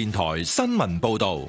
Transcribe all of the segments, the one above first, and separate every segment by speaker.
Speaker 1: 電台新聞報道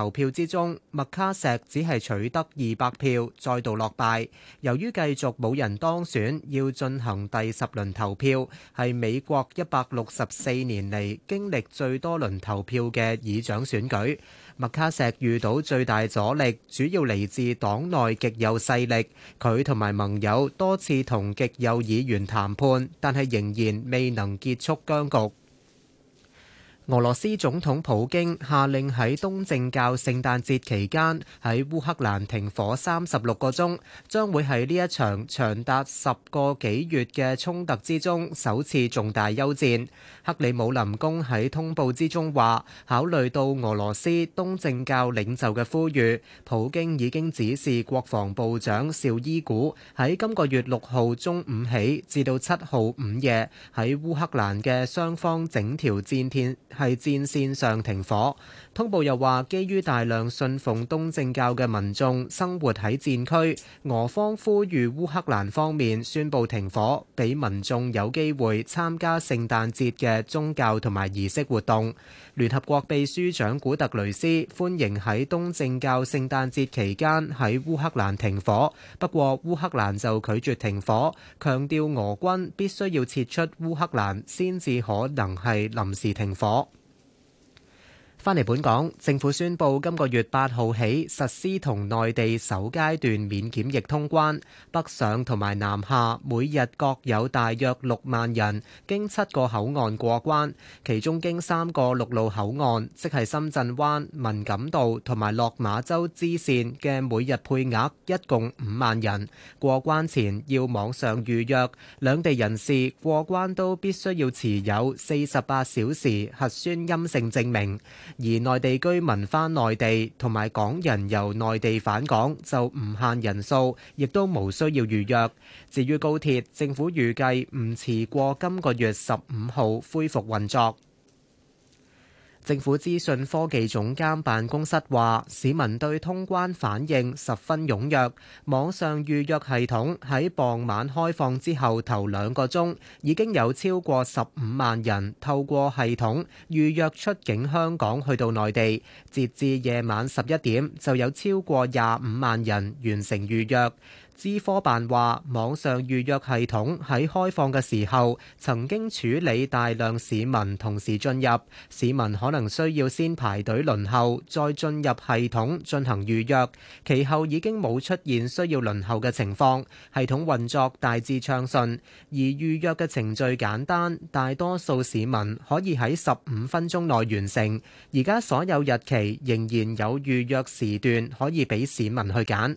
Speaker 2: 投票之中，麥卡錫只係取得二百票，再度落敗。由於繼續冇人當選，要進行第十輪投票，係美國一百六十四年嚟經歷最多輪投票嘅議長選舉。麥卡錫遇到最大阻力，主要嚟自黨內極右勢力。佢同埋盟友多次同極右議員談判，但係仍然未能結束僵局。俄羅斯總統普京下令喺東正教聖誕節期間喺烏克蘭停火三十六個鐘，將會喺呢一場長達十個幾月嘅衝突之中首次重大休戰。克里姆林宮喺通報之中話，考慮到俄羅斯東正教領袖嘅呼籲，普京已經指示國防部長紹伊古喺今個月六號中午起至到七號午夜喺烏克蘭嘅雙方整條戰線喺戰線上停火。通報又話，基於大量信奉東正教嘅民眾生活喺戰區，俄方呼籲烏克蘭方面宣布停火，俾民眾有機會參加聖誕節嘅宗教同埋儀式活動。聯合國秘書長古特雷斯歡迎喺東正教聖誕節期間喺烏克蘭停火，不過烏克蘭就拒絕停火，強調俄軍必須要撤出烏克蘭先至可能係臨時停火。返嚟本港，政府宣布今個月八號起實施同內地首階段免檢疫通關，北上同埋南下每日各有大約六萬人經七個口岸過關，其中經三個陸路口岸，即係深圳灣、文錦渡同埋落馬洲支線嘅每日配額一共五萬人，過關前要網上預約，兩地人士過關都必須要持有四十八小時核酸陰性證明。而內地居民返內地同埋港人由內地返港就唔限人數，亦都無需要預約。至於高鐵，政府預計唔遲過今個月十五號恢復運作。政府資訊科技總監辦公室話，市民對通關反應十分踴躍，網上預約系統喺傍晚開放之後頭兩個鐘，已經有超過十五萬人透過系統預約出境香港去到內地，截至夜晚十一點就有超過廿五萬人完成預約。支科辦話，網上預約系統喺開放嘅時候曾經處理大量市民同時進入，市民可能需要先排隊輪候再進入系統進行預約，其後已經冇出現需要輪候嘅情況，系統運作大致暢順，而預約嘅程序簡單，大多數市民可以喺十五分鐘內完成。而家所有日期仍然有預約時段可以俾市民去揀。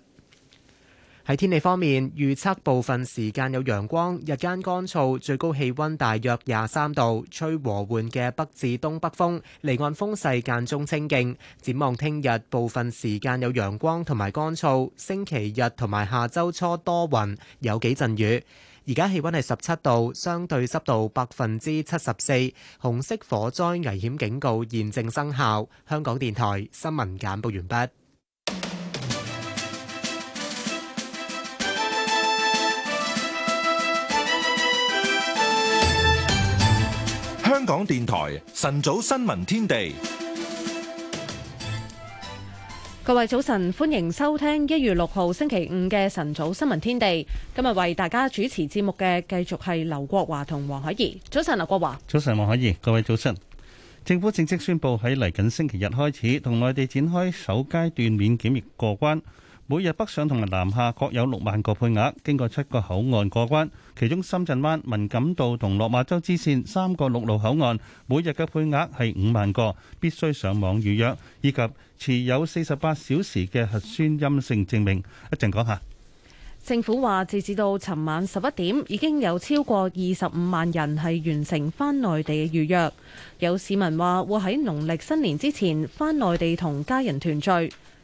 Speaker 2: 喺天氣方面，預測部分時間有陽光，日間乾燥，最高氣溫大約廿三度，吹和緩嘅北至東北風，離岸風勢間中清勁。展望聽日，部分時間有陽光同埋乾燥，星期日同埋下周初多雲，有幾陣雨。而家氣溫係十七度，相對濕度百分之七十四。紅色火災危險警告現正生效。香港電台新聞簡報完畢。
Speaker 1: 香港電台晨早新聞天地，
Speaker 3: 各位早晨，歡迎收聽一月六號星期五嘅晨早新聞天地。今日為大家主持節目嘅繼續係劉國華同黃海怡。早晨，劉國華，
Speaker 4: 早晨，黃海怡，各位早晨。政府正式宣布喺嚟緊星期日開始，同內地展開首階段免檢疫過關。每日北上同埋南下各有六萬個配額，經過七個口岸過關，其中深圳灣、文錦渡同落馬洲支線三個陸路口岸，每日嘅配額係五萬個，必須上網預約，以及持有四十八小時嘅核酸陰性證明。一陣講下。
Speaker 3: 政府話，截至到尋晚十一點，已經有超過二十五萬人係完成翻內地嘅預約。有市民話，會喺農曆新年之前翻內地同家人團聚。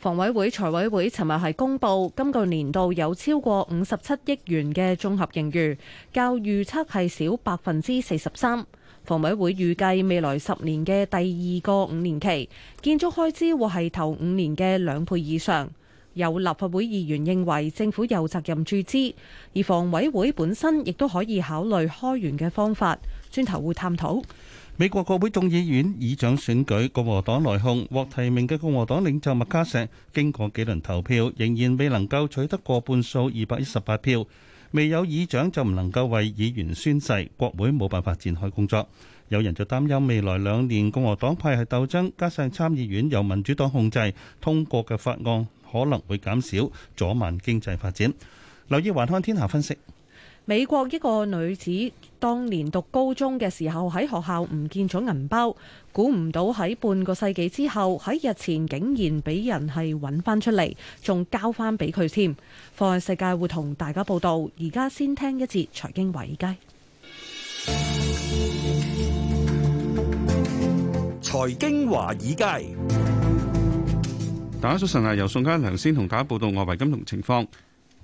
Speaker 3: 房委會財委會尋日係公布，今個年度有超過五十七億元嘅綜合盈餘，較預測係少百分之四十三。房委會預計未來十年嘅第二個五年期，建築開支會係頭五年嘅兩倍以上。有立法會議員認為政府有責任注資，而房委會本身亦都可以考慮開源嘅方法，轉頭會探討。
Speaker 4: 美國國會眾議院議長選舉，共和黨內訌，獲提名嘅共和黨領袖麥卡錫，經過幾輪投票，仍然未能夠取得過半數二百一十八票，未有議長就唔能夠為議員宣誓，國會冇辦法展開工作。有人就擔憂未來兩年共和黨派系鬥爭，加上參議院由民主黨控制，通過嘅法案可能會減少，阻慢經濟發展。留意環看天下分析。
Speaker 3: 美國一個女子當年讀高中嘅時候喺學校唔見咗銀包，估唔到喺半個世紀之後喺日前竟然俾人係揾翻出嚟，仲交翻俾佢添。放眼世界會同大家報道，而家先聽一節財經華爾街。
Speaker 5: 財經華爾街，大家早晨啊！由宋嘉良先同大家報道外圍金融情況。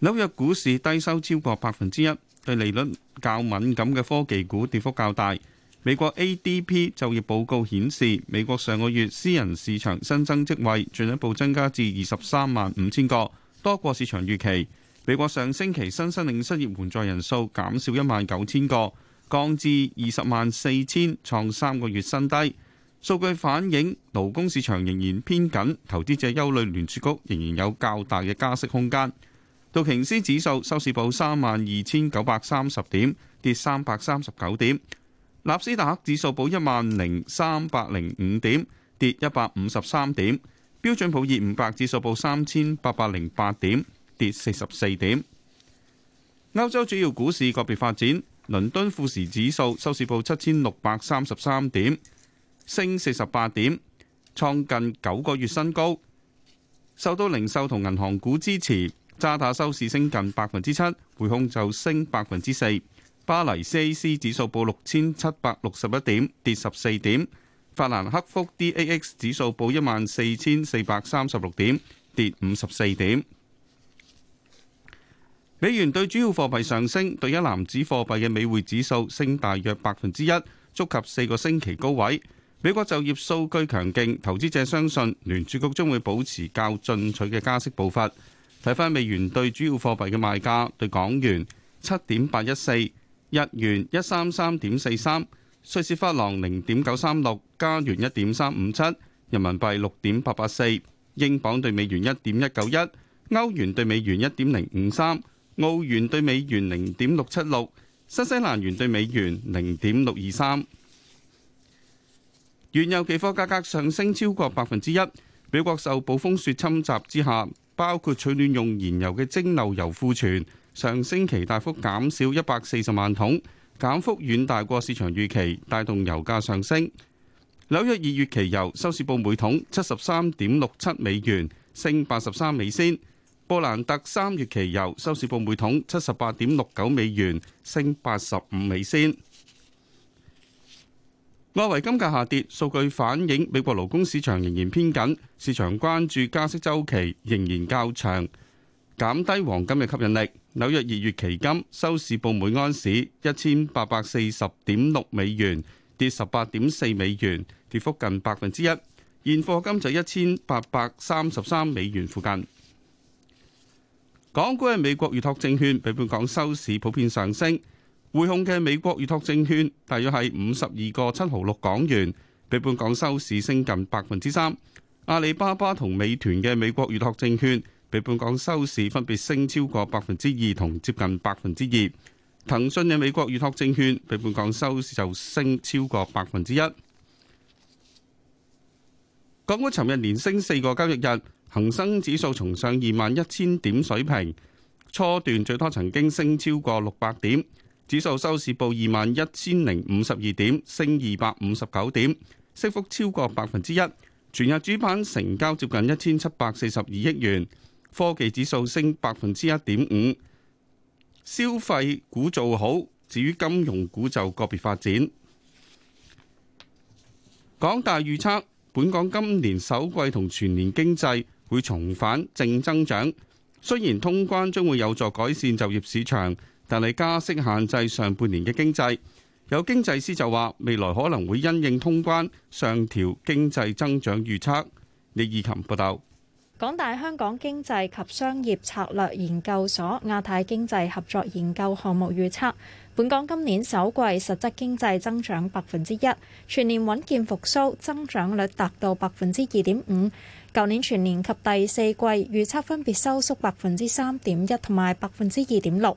Speaker 5: 紐約股市低收超過百分之一。對利率較敏感嘅科技股跌幅較大。美國 ADP 就業報告顯示，美國上個月私人市場新增職位進一步增加至二十三萬五千個，多過市場預期。美國上星期新申領失業援助人數減少一萬九千個，降至二十萬四千，創三個月新低。數據反映勞工市場仍然偏緊，投資者憂慮聯儲局仍然有較大嘅加息空間。道瓊斯指數收市報三萬二千九百三十點，跌三百三十九點。納斯達克指數報一萬零三百零五點，跌一百五十三點。標準普爾五百指數報三千八百零八點，跌四十四點。歐洲主要股市個別發展，倫敦富時指數收市報七千六百三十三點，升四十八點，創近九個月新高，受到零售同銀行股支持。渣打收市升近百分之七，匯控就升百分之四。巴黎 CAC 指數報六千七百六十一點，跌十四點。法蘭克福 DAX 指數報一萬四千四百三十六點，跌五十四點。美元兌主要貨幣上升，對一籃子貨幣嘅美匯指數升大約百分之一，觸及四個星期高位。美國就業數據強勁，投資者相信聯儲局將會保持較進取嘅加息步伐。睇翻美元對主要貨幣嘅賣價，對港元七點八一四，日元一三三點四三，瑞士法郎零點九三六，加元一點三五七，人民幣六點八八四，英鎊對美元一點一九一，歐元對美元一點零五三，澳元對美元零點六七六，新西蘭元對美元零點六二三。原油期貨價格上升超過百分之一，美國受暴風雪侵襲之下。包括取暖用燃油嘅蒸餾油庫存上星期大幅減少一百四十萬桶，減幅遠大過市場預期，帶動油價上升。紐約二月期油收市報每桶七十三點六七美元，升八十三美仙。布蘭特三月期油收市報每桶七十八點六九美元，升八十五美仙。外圍金價下跌，數據反映美國勞工市場仍然偏緊，市場關注加息周期仍然較長，減低黃金嘅吸引力。紐約二月期金收市報每安士一千八百四十點六美元，跌十八點四美元，跌幅近百分之一。現貨金就一千八百三十三美元附近。港股嘅美國預託證券，比本港收市普遍上升。匯控嘅美國預託證券大約係五十二個七毫六港元，比本港收市升近百分之三。阿里巴巴同美團嘅美國預託證券，比本港收市分別升超過百分之二同接近百分之二。騰訊嘅美國預託證券，比本港收市就升超過百分之一。港股尋日連升四個交易日，恒生指數重上二萬一千點水平，初段最多曾經升超過六百點。指數收市報二萬一千零五十二點，升二百五十九點，升幅超過百分之一。全日主板成交接近一千七百四十二億元，科技指數升百分之一點五，消費股做好，至於金融股就個別發展。港大預測，本港今年首季同全年經濟會重返正增長，雖然通關將會有助改善就業市場，但係加息限制上半年嘅經濟，有經濟師就話未來可能會因應通關上調經濟增長預測。李以琴報道，
Speaker 6: 港大香港經濟及商業策略研究所亞太經濟合作研究項目預測，本港今年首季實質經濟增長百分之一，全年穩健復蘇，增長率達到百分之二點五。舊年全年及第四季預測分別收縮百分之三點一同埋百分之二點六。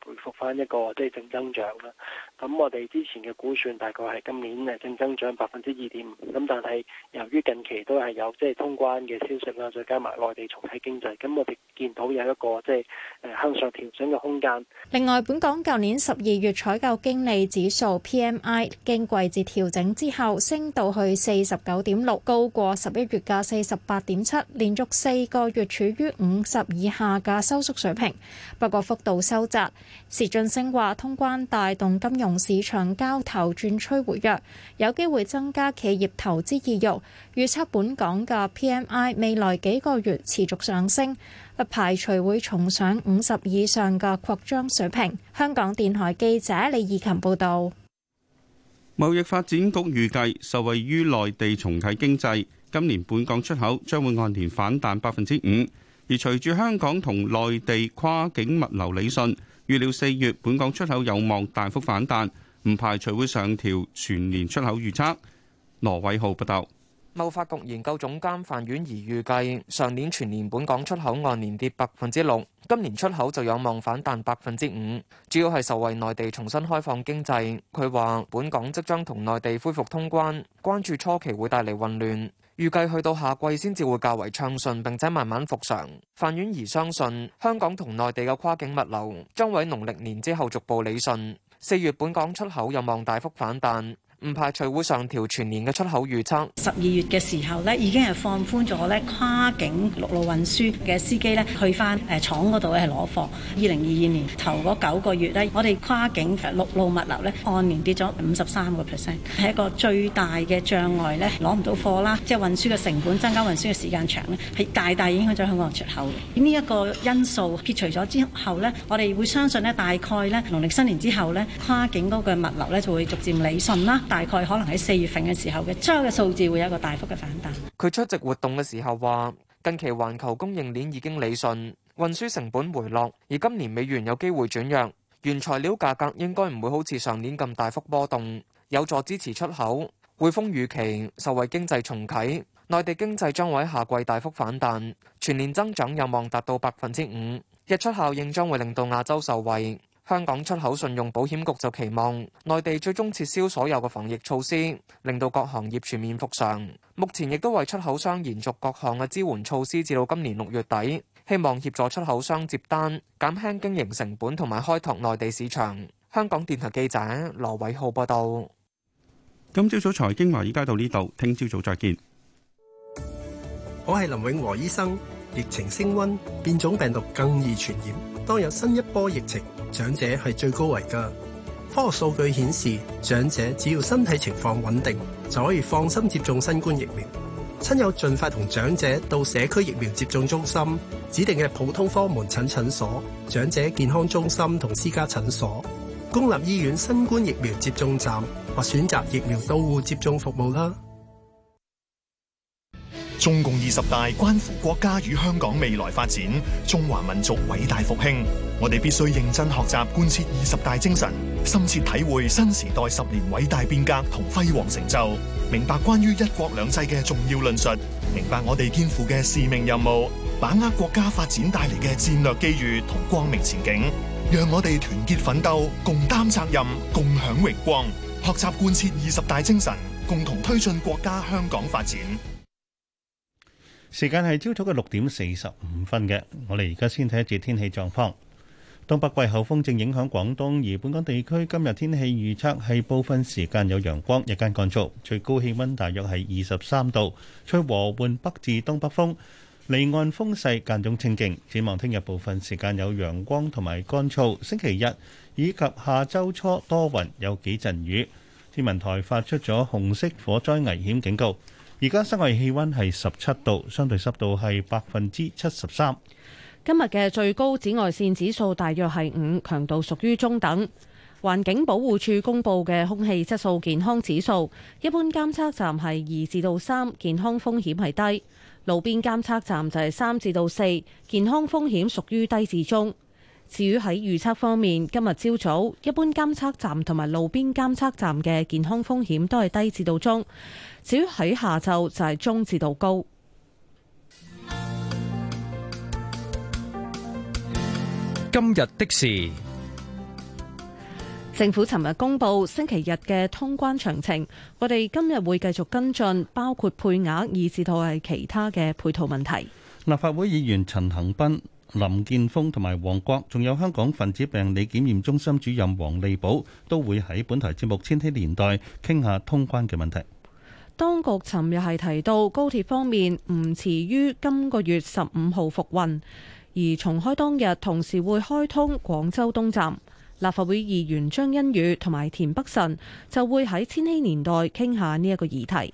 Speaker 7: 回復翻一個即係正增長啦。咁我哋之前嘅估算大概係今年誒正增長百分之二點五，咁但係由於近期都係有即係通關嘅消息啦，再加埋內地重啟經濟，咁我哋見到有一個即係誒向上調整嘅空間。
Speaker 6: 另外，本港舊年十二月採購經理指數 PMI 經季節調整之後，升到去四十九點六，高過十一月嘅四十八點七，連續四個月處於五十以下嘅收縮水平，不過幅度收窄。時俊升話：通關帶動金融。同市場交投轉趨活躍，有機會增加企業投資意欲。預測本港嘅 PMI 未來幾個月持續上升，不排除會重上五十以上嘅擴張水平。香港電台記者李義琴報道。
Speaker 5: 貿易發展局預計，受惠於內地重啟經濟，今年本港出口將會按年反彈百分之五，而隨住香港同內地跨境物流理順。預料四月本港出口有望大幅反彈，唔排除會上調全年出口預測。羅偉浩報道，
Speaker 8: 貿發局研究總監范婉儀預計上年全年本港出口按年跌百分之六，今年出口就有望反彈百分之五，主要係受惠內地重新開放經濟。佢話：本港即將同內地恢復通關，關注初期會帶嚟混亂。預計去到夏季先至會較為暢順，並且慢慢復常。范婉怡相信香港同內地嘅跨境物流將喺農曆年之後逐步理順，四月本港出口有望大幅反彈。唔排除會上調全年嘅出口預測。
Speaker 6: 十二月嘅時候呢已經係放寬咗呢跨境陸路運輸嘅司機呢去翻誒廠嗰度係攞貨。二零二二年頭嗰九個月呢我哋跨境陸路物流呢按年跌咗五十三個 percent，係一個最大嘅障礙呢攞唔到貨啦，即係運輸嘅成本增加、運輸嘅時間長呢係大大影響咗香港出口嘅。呢一個因素撇除咗之後呢我哋會相信呢大概呢農曆新年之後呢跨境嗰個物流呢就會逐漸理順啦。大概可能喺四月份嘅時候嘅，將嘅數字會有一個大幅嘅反彈。
Speaker 8: 佢出席活動嘅時候話，近期環球供應鏈已經理順，運輸成本回落，而今年美元有機會轉弱，原材料價格應該唔會好似上年咁大幅波動，有助支持出口。匯豐預期受惠經濟重啟，內地經濟將會喺下季大幅反彈，全年增長有望達到百分之五。日出效應將會令到亞洲受惠。香港出口信用保險局就期望內地最終撤銷所有嘅防疫措施，令到各行業全面復常。目前亦都為出口商延續各項嘅支援措施至到今年六月底，希望協助出口商接單，減輕經營成本同埋開拓內地市場。香港電台記
Speaker 5: 者羅偉浩報道。今朝早財經華爾街到呢度，聽朝早再見，
Speaker 9: 我係林永和醫生。疫情升温，變種病毒更易傳染。當有新一波疫情，長者係最高危㗎。科學數據顯示，長者只要身體情況穩定，就可以放心接種新冠疫苗。親友盡快同長者到社區疫苗接種中心、指定嘅普通科門診診所、長者健康中心同私家診所、公立醫院新冠疫苗接種站或選擇疫苗到戶接種服務啦。中共二十大關乎國家與香港未來
Speaker 1: 發展，中華民族偉大復興。我哋必須認真學習貫徹二十大精神，深切體會新時代十年偉大變革同輝煌成就，明白關於一國兩制嘅重要論述，明白我哋肩負嘅使命任務，把握國家發展帶嚟嘅戰略機遇同光明前景，讓我哋團結奮鬥，共擔責任，共享榮光，學習貫徹二十大精神，共同推進國家香港發展。
Speaker 4: 時間係朝早嘅六點四十五分嘅，我哋而家先睇一節天氣狀況。東北季候風正影響廣東，而本港地區今日天氣預測係部分時間有陽光，日間乾燥，最高氣溫大約係二十三度，吹和緩北至東北風，離岸風勢間中清勁。展望聽日部分時間有陽光同埋乾燥，星期日以及下周初多雲，有幾陣雨。天文台發出咗紅色火災危險警告。而家室外氣溫係十七度，相對濕度係百分之七十三。
Speaker 3: 今日嘅最高紫外線指數大約係五，強度屬於中等。環境保護署公布嘅空氣質素健康指數，一般監測站係二至到三，健康風險係低；路邊監測站就係三至到四，健康風險屬於低至中。至於喺預測方面，今日朝早一般監測站同埋路邊監測站嘅健康風險都係低至到中；至於喺下晝就係中至到高。
Speaker 10: 今日的事，
Speaker 3: 政府尋日公布星期日嘅通關詳情，我哋今日會繼續跟進，包括配額以至到係其他嘅配套問題。
Speaker 4: 立法會議員陳恒斌。林健鋒同埋黃國，仲有香港分子病理檢驗中心主任王利寶都會喺本台節目《千禧年代》傾下通關嘅問題。
Speaker 3: 當局尋日係提到高鐵方面唔遲於今個月十五號復運，而重開當日同時會開通廣州東站。立法會議員張欣宇同埋田北辰就會喺《千禧年代》傾下呢一個議題。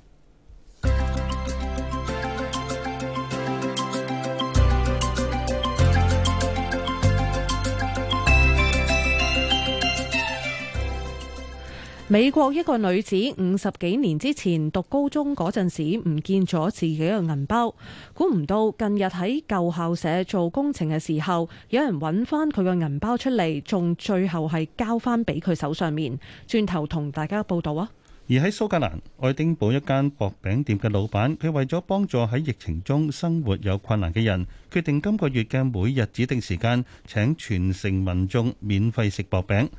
Speaker 3: 美國一個女子，五十幾年之前讀高中嗰陣時唔見咗自己嘅銀包，估唔到近日喺舊校舍做工程嘅時候，有人揾翻佢個銀包出嚟，仲最後係交翻俾佢手上面。轉頭同大家報道
Speaker 4: 啊！而喺蘇格蘭愛丁堡一間薄餅店嘅老闆，佢為咗幫助喺疫情中生活有困難嘅人，決定今個月嘅每日指定時間，請全城民眾免費食薄餅。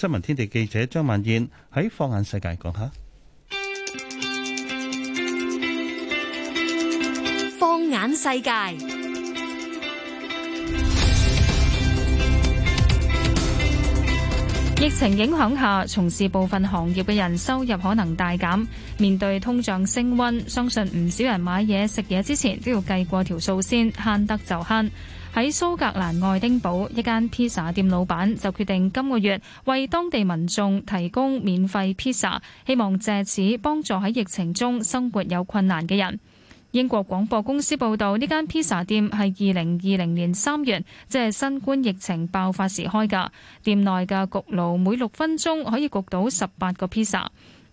Speaker 4: 新聞天地記者張萬燕喺放眼世界講下。
Speaker 8: 放眼世界，
Speaker 11: 疫情影響下，從事部分行業嘅人收入可能大減。面對通脹升溫，相信唔少人買嘢食嘢之前都要計過條數先，慳得就慳。喺蘇格蘭愛丁堡一間披薩店老闆就決定今個月為當地民眾提供免費披薩，希望藉此幫助喺疫情中生活有困難嘅人。英國廣播公司報道，呢間披薩店係二零二零年三月即係新冠疫情爆發時開㗎，店內嘅焗爐每六分鐘可以焗到十八個披薩。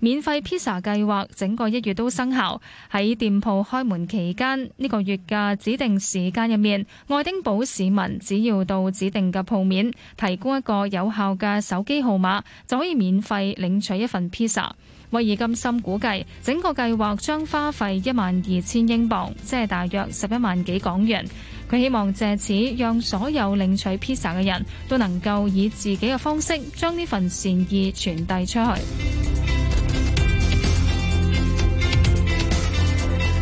Speaker 11: 免費披薩計劃整個一月都生效，喺店鋪開門期間呢個月嘅指定時間入面，愛丁堡市民只要到指定嘅鋪面，提供一個有效嘅手機號碼，就可以免費領取一份披薩。威爾金森估計整個計劃將花費一萬二千英鎊，即係大約十一萬幾港元。佢希望借此讓所有領取披薩嘅人都能夠以自己嘅方式將呢份善意傳遞出去。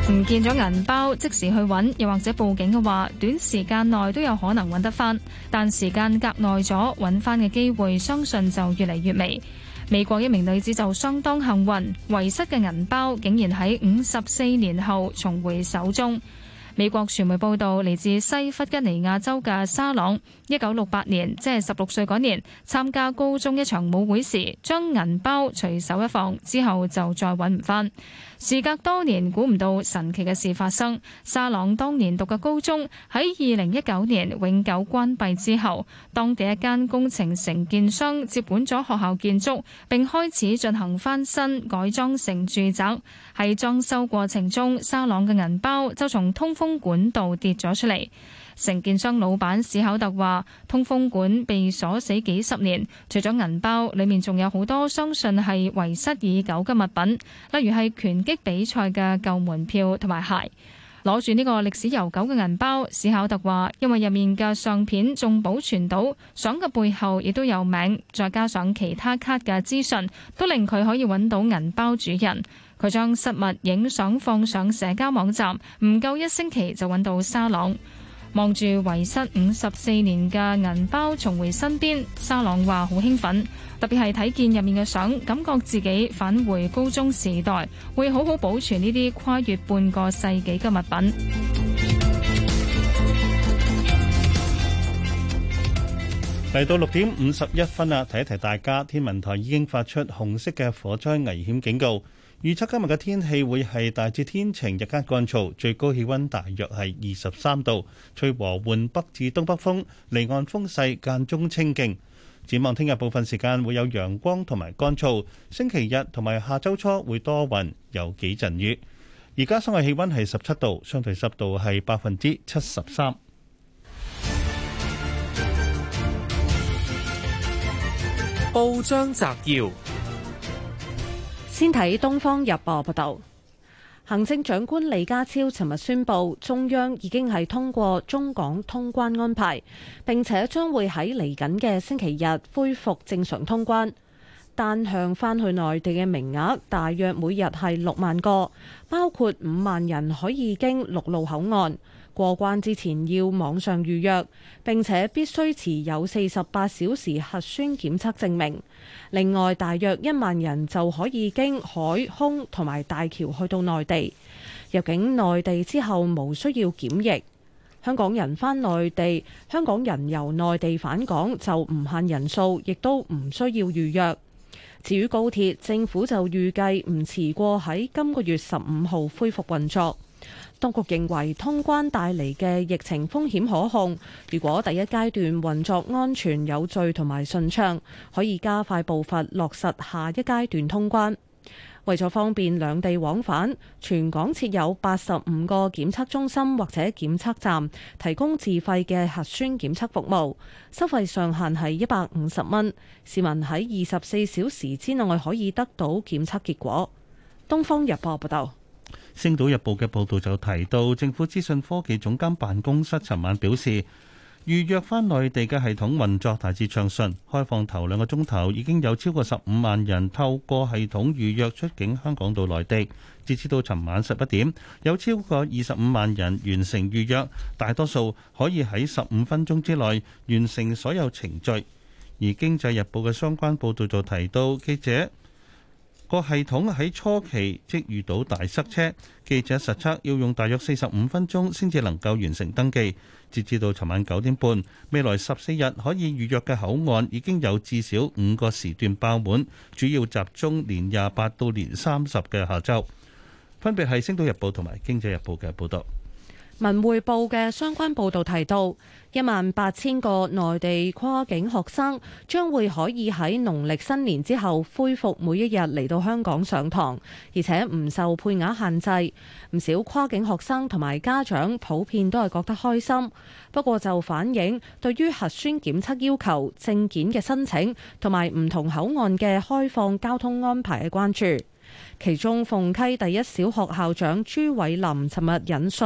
Speaker 11: 唔見咗銀包，即時去揾，又或者報警嘅話，短時間內都有可能揾得翻。但時間隔耐咗，揾翻嘅機會，相信就越嚟越微。美國一名女子就相當幸運，遺失嘅銀包竟然喺五十四年後重回手中。美國傳媒報道，嚟自西弗吉尼亞州嘅沙朗，一九六八年，即係十六歲嗰年，參加高中一場舞會時，將銀包隨手一放，之後就再揾唔翻。事隔多年，估唔到神奇嘅事發生。沙朗當年讀嘅高中喺二零一九年永久關閉之後，當地一間工程承建商接管咗學校建築，並開始進行翻新改裝成住宅。喺裝修過程中，沙朗嘅銀包就從通風管道跌咗出嚟。承建商老闆史考特話：通風管被鎖死幾十年，除咗銀包，裏面仲有好多，相信係遺失已久嘅物品，例如係拳擊比賽嘅舊門票同埋鞋。攞住呢個歷史悠久嘅銀包，史考特話，因為入面嘅相片仲保存到相嘅背後亦都有名，再加上其他卡嘅資訊，都令佢可以揾到銀包主人。佢將失物影相放上社交網站，唔夠一星期就揾到沙朗。望住遺失五十四年嘅銀包重回身邊，沙朗話好興奮，特別係睇見入面嘅相，感覺自己返回高中時代，會好好保存呢啲跨越半個世紀嘅物品。
Speaker 4: 嚟到六點五十一分啦，提一提大家，天文台已經發出紅色嘅火災危險警告。預測今日嘅天氣會係大致天晴，日間乾燥，最高氣溫大約係二十三度，吹和緩北至東北風，離岸風勢間中清勁。展望聽日部分時間會有陽光同埋乾燥，星期日同埋下周初會多雲，有幾陣雨。而家室外氣溫係十七度，相對濕度係百分之七十三。
Speaker 3: 報章摘要。先睇《東方日報》報道，行政長官李家超尋日宣布，中央已經係通過中港通關安排，並且將會喺嚟緊嘅星期日恢復正常通關，單向翻去內地嘅名額大約每日係六萬個，包括五萬人可以經陸路口岸。過關之前要網上預約，並且必須持有四十八小時核酸檢測證明。另外，大約一萬人就可以經海空同埋大橋去到內地。入境內地之後無需要檢疫。香港人返內地，香港人由內地返港就唔限人數，亦都唔需要預約。至於高鐵，政府就預計唔遲過喺今個月十五號恢復運作。當局認為通關帶嚟嘅疫情風險可控，如果第一階段運作安全有序同埋順暢，可以加快步伐落實下一階段通關。為咗方便兩地往返，全港設有八十五個檢測中心或者檢測站，提供自費嘅核酸檢測服務，收費上限係一百五十蚊。市民喺二十四小時之內可以得到檢測結果。東方日報報道。
Speaker 4: 《星島日報》嘅報導就提到，政府資訊科技總監辦公室尋晚表示，預約返內地嘅系統運作大致暢順，開放頭兩個鐘頭已經有超過十五萬人透過系統預約出境香港到內地。截至到尋晚十一點，有超過二十五萬人完成預約，大多數可以喺十五分鐘之內完成所有程序。而《經濟日報》嘅相關報導就提到，記者。個系統喺初期即遇到大塞車，記者實測要用大約四十五分鐘先至能夠完成登記。截至到尋晚九點半，未來十四日可以預約嘅口岸已經有至少五個時段爆滿，主要集中年廿八到年三十嘅下晝。分別係《星島日報》同埋《經濟日報》嘅報導。
Speaker 3: 文匯報嘅相關報道提到，一萬八千個內地跨境學生將會可以喺農曆新年之後恢復每一日嚟到香港上堂，而且唔受配額限制。唔少跨境學生同埋家長普遍都係覺得開心，不過就反映對於核酸檢測要求、證件嘅申請同埋唔同口岸嘅開放交通安排嘅關注。其中，鳳溪第一小學校長朱偉林尋日引述。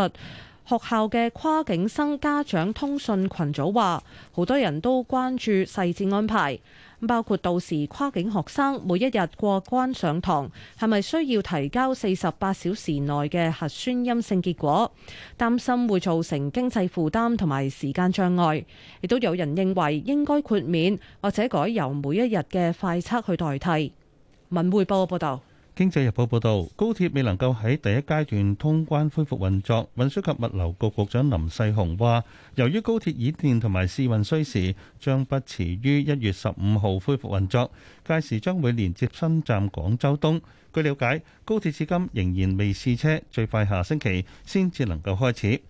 Speaker 3: 學校嘅跨境生家長通訊群組話，好多人都關注細節安排，包括到時跨境學生每一日過關上堂，係咪需要提交四十八小時內嘅核酸陰性結果，擔心會造成經濟負擔同埋時間障礙。亦都有人認為應該豁免，或者改由每一日嘅快測去代替。文匯報報道。
Speaker 4: 《經濟日報》報導，高鐵未能夠喺第一階段通關恢復運作，運輸及物流局局長林世雄話，由於高鐵驗電同埋試運需時，將不遲於一月十五號恢復運作，屆時將會連接新站廣州東。據瞭解，高鐵至今仍然未試車，最快下星期先至能夠開始。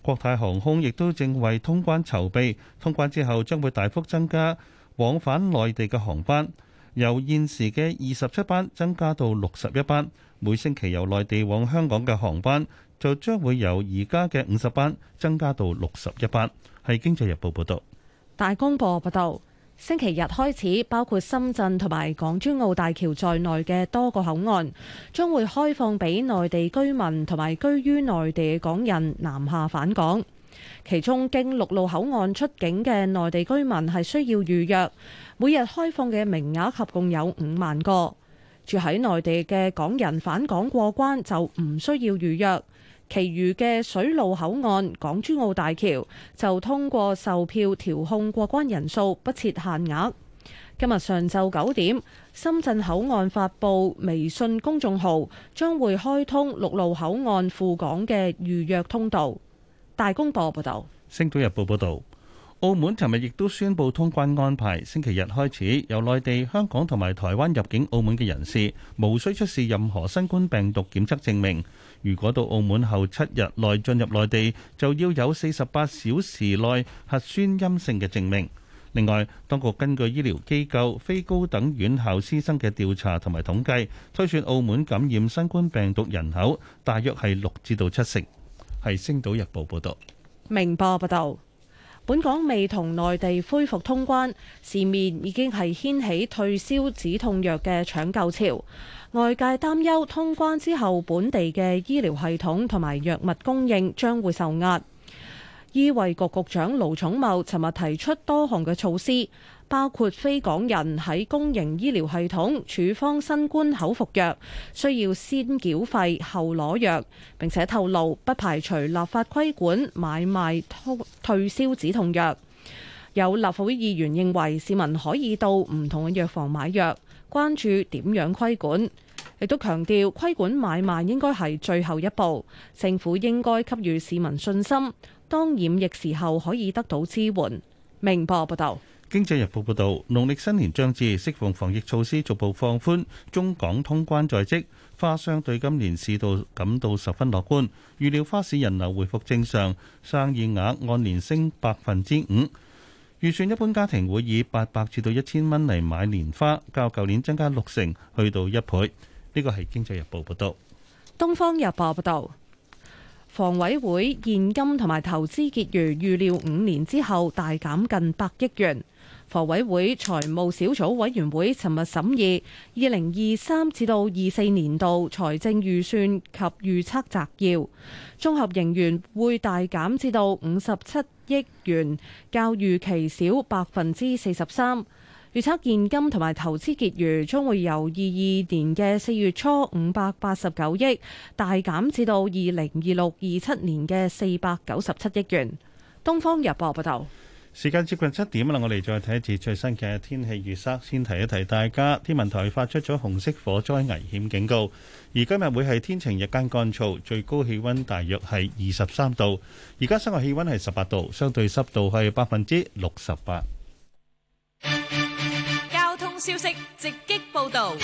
Speaker 4: 國泰航空亦都正為通關籌備，通關之後將會大幅增加往返內地嘅航班。由現時嘅二十七班增加到六十一班，每星期由內地往香港嘅航班就將會由而家嘅五十班增加到六十一班。係經濟日報報道。
Speaker 3: 大公報報道，星期日開始，包括深圳同埋港珠澳大橋在內嘅多個口岸將會開放俾內地居民同埋居於內地嘅港人南下返港。其中經陸路口岸出境嘅內地居民係需要預約。每日開放嘅名額合共有五萬個，住喺內地嘅港人返港過關就唔需要預約，其餘嘅水路口岸、港珠澳大橋就通過售票調控過關人數，不設限額。今日上晝九點，深圳口岸發布微信公眾號將會開通陸路口岸赴港嘅預約通道。大公報報道。
Speaker 4: 星島日報報道。澳門尋日亦都宣布通關安排，星期日開始由內地、香港同埋台灣入境澳門嘅人士，無需出示任何新冠病毒檢測證明。如果到澳門後七日內進入內地，就要有四十八小時內核酸陰性嘅證明。另外，當局根據醫療機構、非高等院校師生嘅調查同埋統計，推算澳門感染新冠病毒人口大約係六至到七成。係《星島日報》報道。
Speaker 3: 明報報道。本港未同內地恢復通關，市面已經係掀起退燒止痛藥嘅搶購潮。外界擔憂通關之後，本地嘅醫療系統同埋藥物供應將會受壓。醫衞局局長盧寵茂尋日提出多項嘅措施。包括非港人喺公營醫療系統處方新冠口服藥，需要先繳費後攞藥，並且透露不排除立法規管買賣退燒止痛藥。有立法會議員認為市民可以到唔同嘅藥房買藥，關注點樣規管，亦都強調規管買賣應該係最後一步，政府應該給予市民信心，當染疫時候可以得到支援。明報報道。
Speaker 4: 《經濟日報》報導，農曆新年將至，適逢防疫措施逐步放寬，中港通關在即，花商對今年市道感到十分樂觀，預料花市人流回復正常，生意額按年升百分之五。預算一般家庭會以八百至到一千蚊嚟買年花，較舊年增加六成，去到一倍。呢個係《經濟日報》報導。
Speaker 3: 《東方日報》報導，房委會現金同埋投資結餘預料五年之後大減近百億元。房委會財務小組委員會尋日審議二零二三至到二四年度財政預算及預測摘要，綜合盈餘會大減至到五十七億元，較預期少百分之四十三。預測現金同埋投資結餘將會由二二年嘅四月初五百八十九億，大減至到二零二六二七年嘅四百九十七億元。東方日報報道。
Speaker 4: 時間接近七點啦，我哋再睇一次最新嘅天氣預測。先提一提大家，天文台發出咗紅色火災危險警告。而今日會係天晴，日間乾燥，最高氣温大約係二十三度。而家室外氣温係十八度，相對濕度係百分之六十八。
Speaker 12: 交
Speaker 11: 通消息，直擊報道。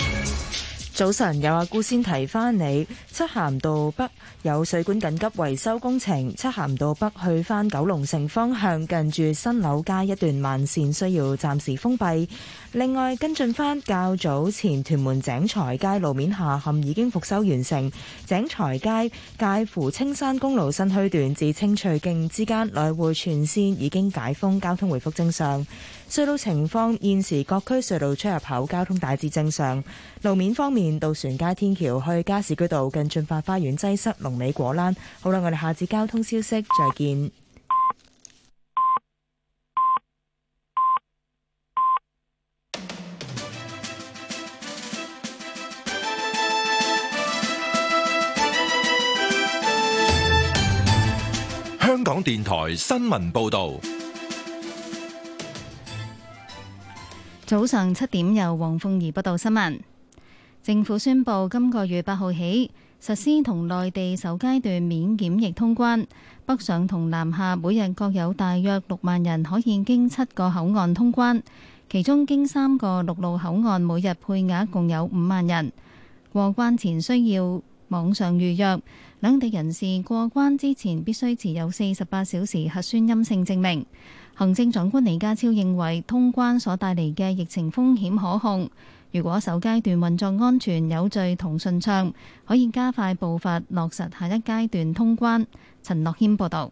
Speaker 13: 早晨，有阿姑先提翻你，漆咸道北有水管緊急維修工程，漆咸道北去翻九龍城方向，近住新樓街一段慢線需要暫時封閉。另外跟進翻較早前屯門井財街路面下陷已經復修完成，井財街介乎青山公路新墟段至青翠徑之間來回全線已經解封，交通回復正常。隧道情況，現時各區隧道出入口交通大致正常。路面方面，渡船街天橋去加士居道近駿發花園擠塞，龍尾果欄。好啦，我哋下次交通消息再見。
Speaker 1: 香港電台新聞報道。
Speaker 14: 早上七點，由黃鳳儀報道新聞。政府宣布今個月八號起實施同內地首階段免檢疫通關，北上同南下每日各有大約六萬人可以經七個口岸通關，其中經三個陸路口岸每日配額共有五萬人。過關前需要網上預約，兩地人士過關之前必須持有四十八小時核酸陰性證明。行政長官李家超認為通關所帶嚟嘅疫情風險可控，如果首階段運作安全有序同順暢，可以加快步伐落實下一階段通關。陳樂謙報道。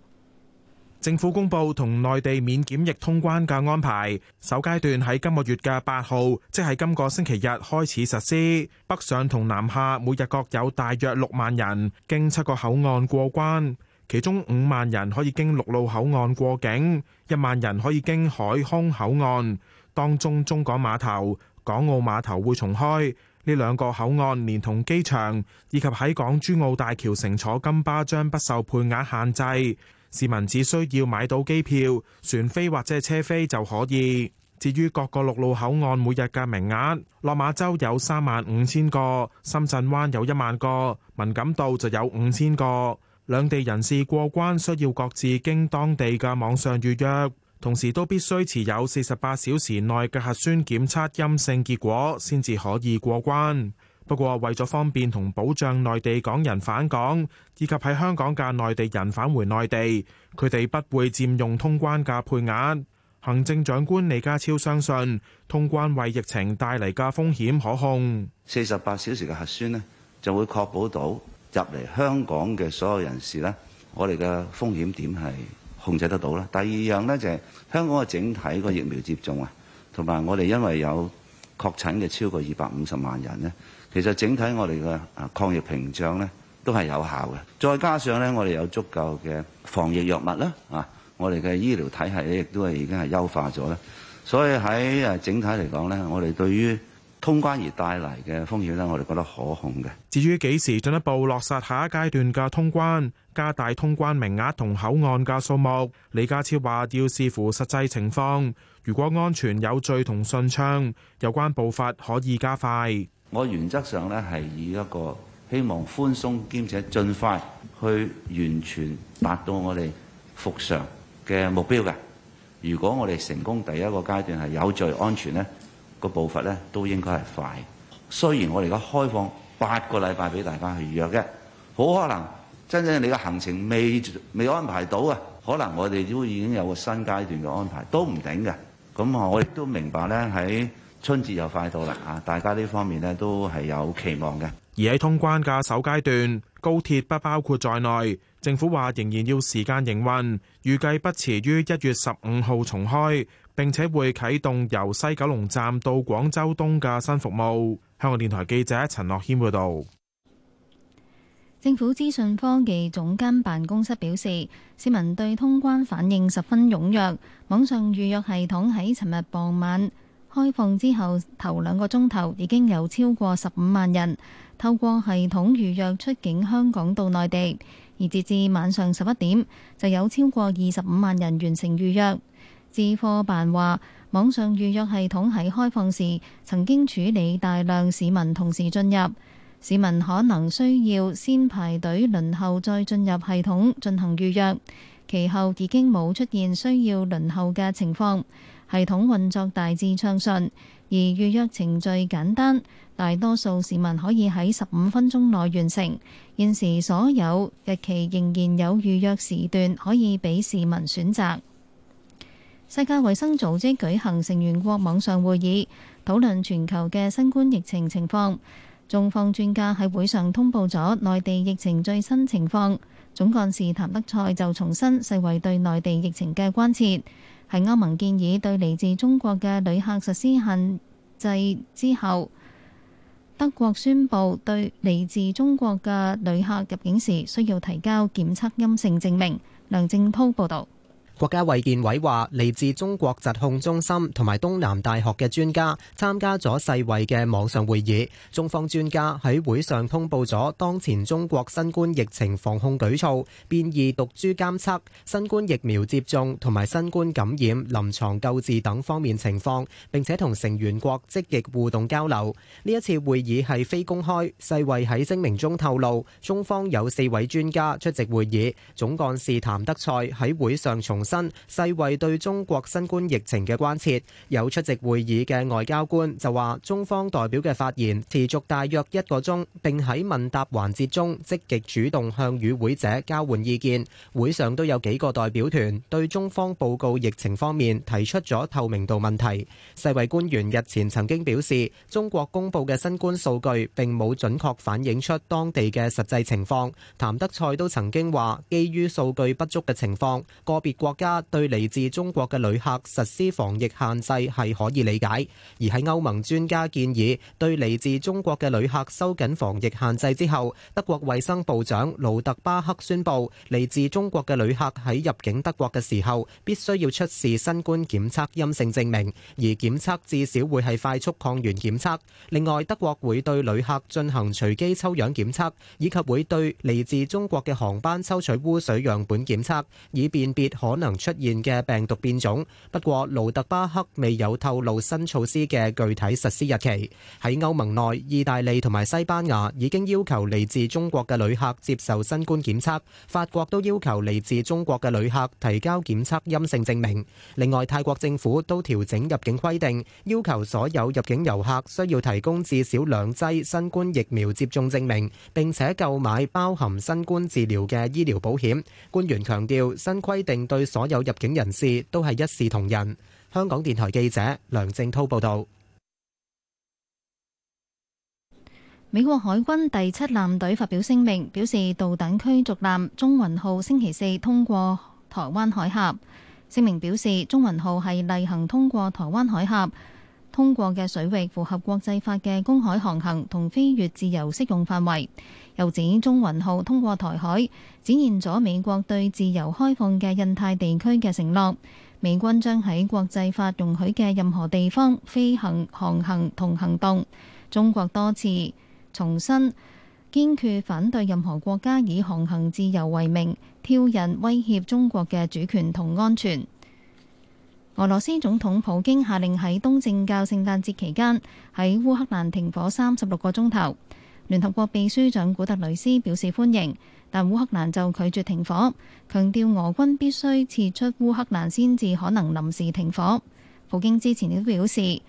Speaker 15: 政府公布同內地免檢疫通關嘅安排，首階段喺今個月嘅八號，即係今個星期日開始實施。北上同南下每日各有大約六萬人經七個口岸過關。其中五萬人可以經陸路口岸過境，一萬人可以經海空口岸。當中，中港碼頭、港澳碼頭會重開呢兩個口岸，連同機場以及喺港珠澳大橋乘坐金巴將不受配額限制。市民只需要買到機票、船飛或者車飛就可以。至於各個陸路口岸每日嘅名額，落馬洲有三萬五千個，深圳灣有一萬個，文錦渡就有五千個。兩地人士過關需要各自經當地嘅網上預約，同時都必須持有四十八小時內嘅核酸檢測陰性結果先至可以過關。不過為咗方便同保障內地港人返港，以及喺香港嘅內地人返回內地，佢哋不會佔用通關嘅配額。行政長官李家超相信，通關為疫情
Speaker 16: 帶嚟嘅風險可控。四十八小時嘅核酸呢，就會確保到。入嚟香港嘅所有人士咧，我哋嘅風險點係控制得到啦。第二樣咧就係、是，香港嘅整體個疫苗接種啊，同埋我哋因為有確診嘅超過二百五十萬人咧，其實整體我哋嘅啊抗疫屏障咧都係有效嘅。再加上咧，我哋有足夠嘅防疫藥物啦，啊，我哋嘅醫療體系咧亦都係已經係優化咗啦。所以喺誒整體嚟講咧，我哋對於。通關而帶嚟嘅風險咧，我哋覺得可控嘅。
Speaker 15: 至於幾時進一步落實下一階段嘅通關，加大通關名額同口岸嘅數目，李家超話要視乎實際情況，如果安全有序同順暢，有關
Speaker 16: 步伐可以加快。我原則上呢，係以一個希望寬鬆兼且盡快去完全達到我哋復常嘅目標嘅。如果我哋成功第一個階段係有序安全呢，個步伐咧都應該係快，雖然我哋而家開放八個禮拜俾大家去預約嘅，好可能真正你嘅行程未未安排到啊，可能我哋都已經有個新階段嘅安排，都唔定㗎。咁我亦都明白咧，喺春節又快到啦嚇，大家呢方面咧都係有期望嘅。
Speaker 15: 而喺通關嘅首階段，高鐵不包括在內，政府話仍然要時間營運，預計不遲於一月十五號重開。並且會啟動由西九龍站到廣州東嘅新服務。香港電台記者陳樂謙報導。
Speaker 14: 政府資訊科技總監辦公室表示，市民對通關反應十分踴躍。網上預約系統喺尋日傍晚開放之後，頭兩個鐘頭已經有超過十五萬人透過系統預約出境香港到內地，而截至晚上十一點，就有超過二十五萬人完成預約。資科辦話，網上預約系統喺開放時曾經處理大量市民同時進入，市民可能需要先排隊輪候再進入系統進行預約。其後已經冇出現需要輪候嘅情況，系統運作大致暢順，而預約程序簡單，大多數市民可以喺十五分鐘內完成。現時所有日期仍然有預約時段可以俾市民選擇。世界衛生組織舉行成員國網上會議，討論全球嘅新冠疫情情況。中方專家喺會上通報咗內地疫情最新情況。總幹事譚德塞就重申世衛對內地疫情嘅關切。喺歐盟建議對嚟自中國嘅旅客實施限制之後，德國宣布對嚟自中國嘅旅客入境時需要提交檢測陰性證明。梁正濤報導。國家
Speaker 2: 衛健委話，嚟自中國疾控中心同埋東南大學嘅專家參加咗世衛嘅網上會議。中方專家喺會上通報咗當前中國新冠疫情防控舉措、變異毒株監測、新冠疫苗接種同埋新冠感染臨床救治等方面情況，並且同成員國積極互動交流。呢一次會議係非公開。世衛喺聲明中透露，中方有四位專家出席會議。總幹事譚德塞喺會上重。新世衛對中國新冠疫情嘅關切，有出席會議嘅外交官就話，中方代表嘅發言持續大約一個鐘，並喺問答環節中積極主動向與會者交換意見。會上都有幾個代表團對中方報告疫情方面提出咗透明度問題。世衛官員日前曾經表示，中國公布嘅新冠數據並冇準確反映出當地嘅實際情況。譚德塞都曾經話，基於數據不足嘅情況，個別國。國家對嚟自中國嘅旅客實施防疫限制係可以理解，而喺歐盟專家建議對嚟自中國嘅旅客收緊防疫限制之後，德國衛生部長盧特巴克宣布，嚟自中國嘅旅客喺入境德國嘅時候，必須要出示新冠檢測陰性證明，而檢測至少會係快速抗原檢測。另外，德國會對旅客進行隨機抽樣檢測，以及會對嚟自中國嘅航班抽取污水樣本檢測，以辨別可。可能出現嘅病毒變種，不過盧特巴克未有透露新措施嘅具體實施日期。喺歐盟內，意大利同埋西班牙已經要求嚟自中國嘅旅客接受新冠檢測，法國都要求嚟自中國嘅旅客提交檢測陰性證明。另外，泰國政府都調整入境規定，要求所有入境遊客需要提供至少兩劑新冠疫苗接種證明，並且購買包含新冠治療嘅醫療保險。官員強調，新規定對。所有入境人士都係一視同仁。香港電台記者梁正滔報導。
Speaker 14: 美國海軍第七艦隊發表聲明，表示導彈驅逐艦中雲號星期四通過台灣海峽。聲明表示，中雲號係例行通過台灣海峽，通過嘅水域符合國際法嘅公海航行同飛越自由適用範圍。又指中雲號通過台海，展現咗美國對自由開放嘅印太地區嘅承諾。美軍將喺國際法容許嘅任何地方飛行、航行同行動。中國多次重申堅決反對任何國家以航行自由為名挑釁威脅中國嘅主權同安全。俄羅斯總統普京下令喺東正教聖誕節期間喺烏克蘭停火三十六個鐘頭。聯合國秘書長古特雷斯表示歡迎，但烏克蘭就拒絕停火，強調俄軍必須撤出烏克蘭先至可能臨時停火。普京之前亦都表示，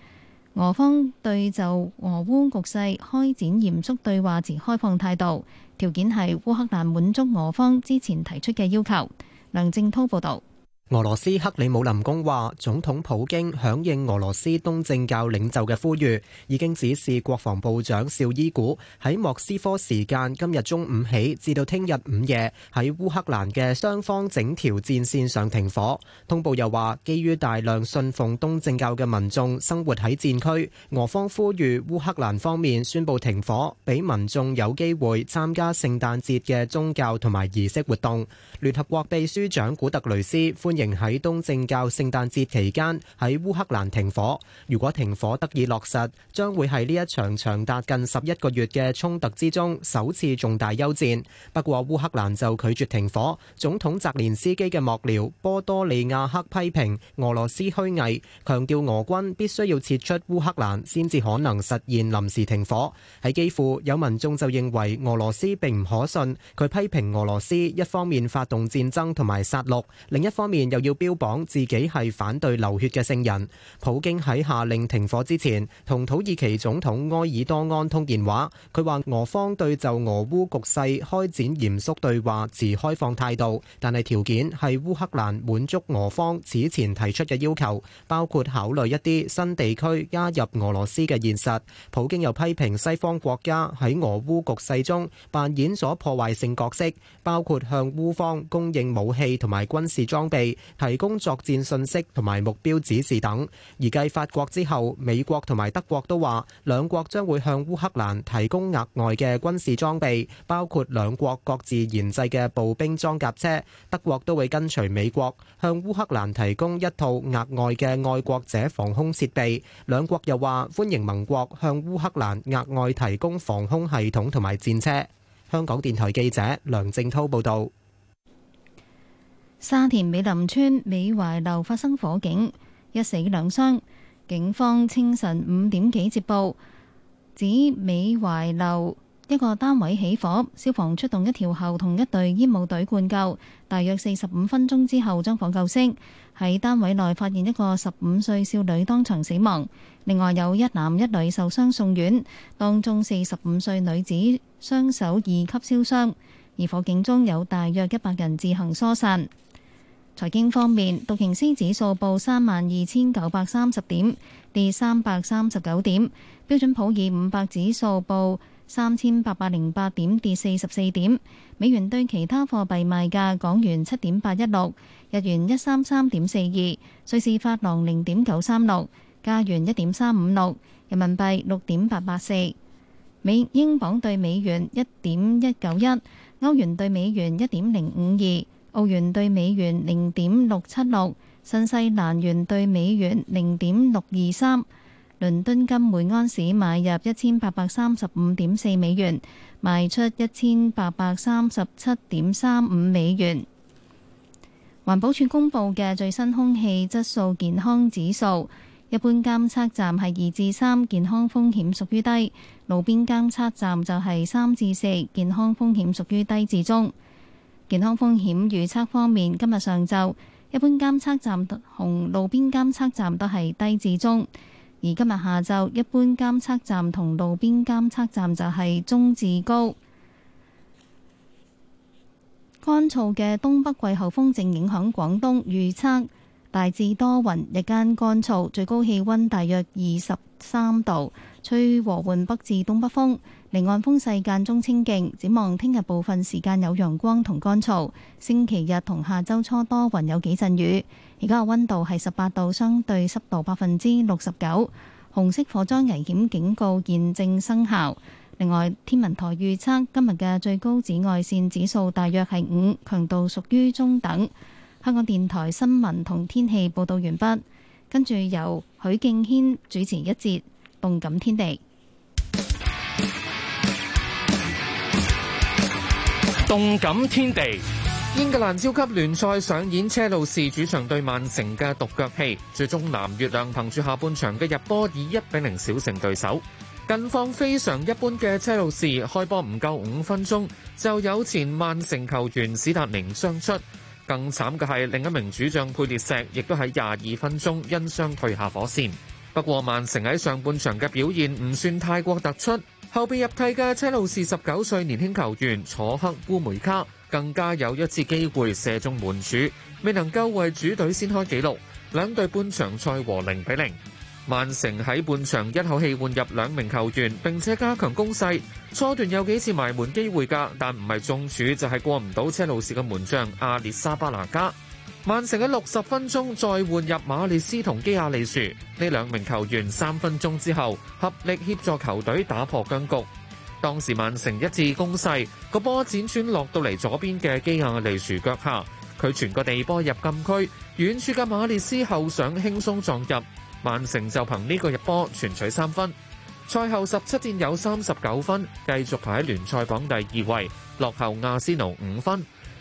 Speaker 14: 俄方對就俄烏局勢開展嚴肅對話持開放態度，條件係烏克蘭滿足俄方之前提出嘅要求。梁正滔報道。
Speaker 2: 俄羅斯克里姆林宮話，總統普京響應俄羅斯東正教領袖嘅呼籲，已經指示國防部長紹伊古喺莫斯科時間今日中午起至到聽日午夜喺烏克蘭嘅雙方整條戰線上停火。通報又話，基於大量信奉東正教嘅民眾生活喺戰區，俄方呼籲烏克蘭方面宣布停火，俾民眾有機會參加聖誕節嘅宗教同埋儀式活動。聯合國秘書長古特雷斯仍喺東正教聖誕節期間喺烏克蘭停火。如果停火得以落實，將會係呢一場長達近十一個月嘅衝突之中首次重大休戰。不過烏克蘭就拒絕停火。總統澤連斯基嘅幕僚波多利亞克批評俄羅斯虛偽，強調俄軍必須要撤出烏克蘭先至可能實現臨時停火。喺基輔有民眾就認為俄羅斯並唔可信。佢批評俄羅斯一方面發動戰爭同埋殺戮，另一方面。又要標榜自己係反對流血嘅聖人。普京喺下令停火之前，同土耳其總統埃爾多安通電話，佢話俄方對就俄烏局勢開展嚴肅對話持開放態度，但係條件係烏克蘭滿足俄方此前提出嘅要求，包括考慮一啲新地區加入俄羅斯嘅現實。普京又批評西方國家喺俄烏局勢中扮演咗破壞性角色，包括向烏方供應武器同埋軍事裝備。提供作戰信息同埋目標指示等，而繼法國之後，美國同埋德國都話，兩國將會向烏克蘭提供額外嘅軍事裝備，包括兩國各自研製嘅步兵裝甲車，德國都會跟隨美國向烏克蘭提供一套額外嘅愛國者防空設備。兩國又話歡迎盟國向烏克蘭額外提供防空系統同埋戰車。香港電台記者梁正濤報道。
Speaker 14: 沙田美林村美懷樓發生火警，一死兩傷。警方清晨五點幾接報，指美懷樓一個單位起火，消防出動一條喉同一隊煙帽隊灌救，大約四十五分鐘之後將火救熄。喺單位內發現一個十五歲少女當場死亡，另外有一男一女受傷送院。當中四十五歲女子雙手二級燒傷，而火警中有大約一百人自行疏散。財經方面，道瓊斯指數報三萬二千九百三十點，跌三百三十九點；標準普爾五百指數報三千八百零八點，跌四十四點。美元對其他貨幣賣價：港元七點八一六，日元一三三點四二，瑞士法郎零點九三六，加元一點三五六，人民幣六點八八四，美英鎊對美元一點一九一，歐元對美元一點零五二。澳元兌美元零點六七六，新西蘭元兌美元零點六二三，倫敦金每安士買入一千八百三十五點四美元，賣出一千八百三十七點三五美元。環保署公布嘅最新空氣質素健康指數，一般監測站係二至三，健康風險屬於低；路邊監測站就係三至四，健康風險屬於低至中。健康風險預測方面，今日上晝一般監測站同路邊監測站都係低至中，而今日下晝一般監測站同路邊監測站就係中至高。乾燥嘅東北季候風正影響廣東，預測大致多雲，日間乾燥，最高氣溫大約二十三度，吹和緩北至東北風。離岸風勢間中清勁，展望聽日部分時間有陽光同乾燥。星期日同下周初多雲有幾陣雨。而家嘅溫度係十八度，相對濕度百分之六十九。紅色火災危險警告現正生效。另外，天文台預測今日嘅最高紫外綫指數大約係五，強度屬於中等。香港電台新聞同天氣報道完畢，跟住由許敬軒主持一節《動感天地》。
Speaker 10: 動感天地，英格蘭超級聯賽上演車路士主場對曼城嘅獨腳戲，最終藍月亮憑住下半場嘅入波以一比零小勝對手。近況非常一般嘅車路士，開波唔夠五分鐘就有前曼城球員史達寧傷出，更慘嘅係另一名主將佩列石亦都喺廿二分鐘因傷退下火線。不過曼城喺上半場嘅表現唔算太過突出。後備入替嘅車路士十九歲年輕球員楚克烏梅卡更加有一次機會射中門柱，未能夠為主隊先開紀錄。兩隊半場賽和零比零。曼城喺半場一口氣換入兩名球員，並且加強攻勢，初段有幾次埋門機會噶，但唔係中柱，就係過唔到車路士嘅門將阿列沙巴拿加。曼城喺六十分鐘再換入馬列斯同基亞利殊，呢兩名球員三分鐘之後合力協助球隊打破僵局。當時曼城一次攻勢，個波輾轉落到嚟左邊嘅基亞利殊腳下，佢全個地波入禁區，遠處嘅馬列斯後上輕鬆撞入。曼城就憑呢個入波全取三分。賽後十七戰有三十九分，繼續排喺聯賽榜第二位，落後亞斯奴五分。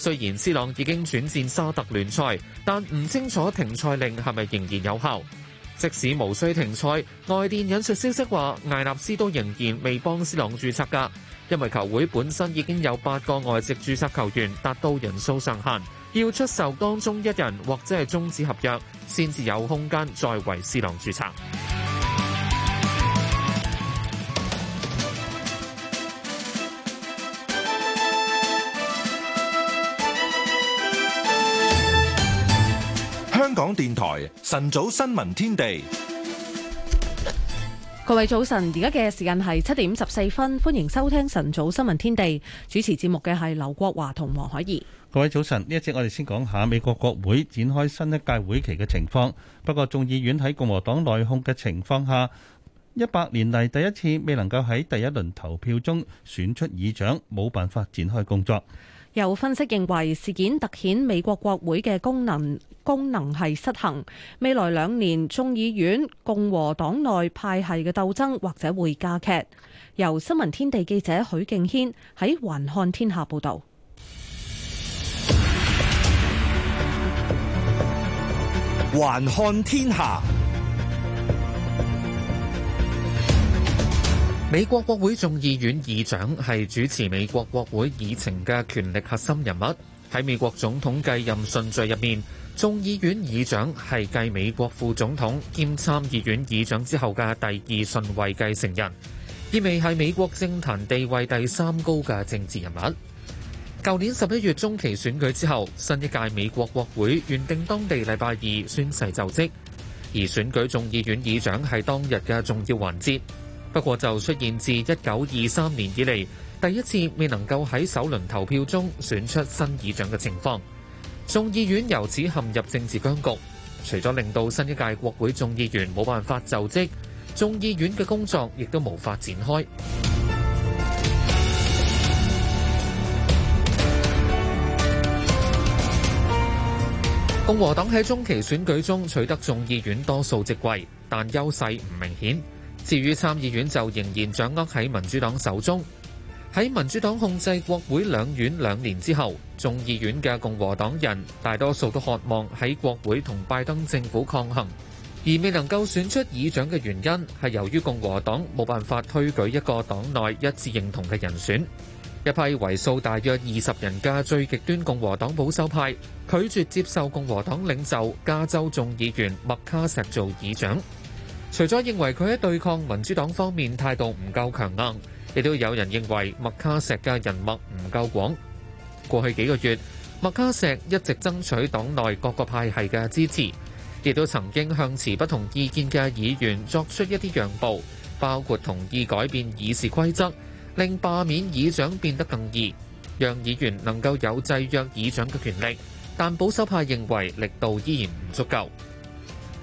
Speaker 10: 雖然斯朗已經轉戰沙特聯賽，但唔清楚停賽令係咪仍然有效。即使無需停賽，外電引述消息話，艾納斯都仍然未幫斯朗注冊㗎，因為球會本身已經有八個外籍注冊球員達到人數上限，要出售當中一人或者係終止合約，先至有空間再為斯朗注冊。
Speaker 1: 香港電台晨早新聞天地，
Speaker 3: 各位早晨，而家嘅時間係七點十四分，歡迎收聽晨早新聞天地。主持節目嘅係劉國華同黃海怡。
Speaker 4: 各位早晨，呢一節我哋先講下美國國會展開新一屆會期嘅情況。不過眾議院喺共和黨內訌嘅情況下，一百年嚟第一次未能夠喺第一輪投票中選出議長，冇辦法展開工作。
Speaker 3: 有分析認為事件突顯美國國會嘅功能功能係失衡，未來兩年眾議院共和黨內派系嘅鬥爭或者會加劇。由新聞天地記者許敬軒喺《環看天下》報導，
Speaker 10: 《環看天下》。美國國會眾議院議長係主持美國國會議程嘅權力核心人物。喺美國總統繼任順序入面，眾議院議長係繼美國副總統兼參議院議長之後嘅第二順位繼承人，意味係美國政壇地位第三高嘅政治人物。舊年十一月中期選舉之後，新一屆美國國會原定當地禮拜二宣誓就職，而選舉眾議院議長係當日嘅重要環節。不過，就出現自一九二三年以嚟第一次未能夠喺首輪投票中選出新議長嘅情況，眾議院由此陷入政治僵局，除咗令到新一屆國會眾議員冇辦法就職，眾議院嘅工作亦都無法展開。共和黨喺中期選舉中取得眾議院多數席位，但優勢唔明顯。至於參議院就仍然掌握喺民主黨手中。喺民主黨控制國會兩院兩年之後，眾議院嘅共和黨人大多數都渴望喺國會同拜登政府抗衡。而未能夠選出議長嘅原因係由於共和黨冇辦法推舉一個黨內一致認同嘅人選。一批為數大約二十人嘅最極端共和黨保守派拒絕接受共和黨領袖加州眾議員麥卡錫做議長。除咗認為佢喺對抗民主黨方面態度唔夠強硬，亦都有人認為麥卡錫嘅人脈唔夠廣。過去幾個月，麥卡錫一直爭取黨內各個派系嘅支持，亦都曾經向持不同意見嘅議員作出一啲讓步，包括同意改變議事規則，令罷免議長變得更易，讓議員能夠有制約議長嘅權力。但保守派認為力度依然唔足夠。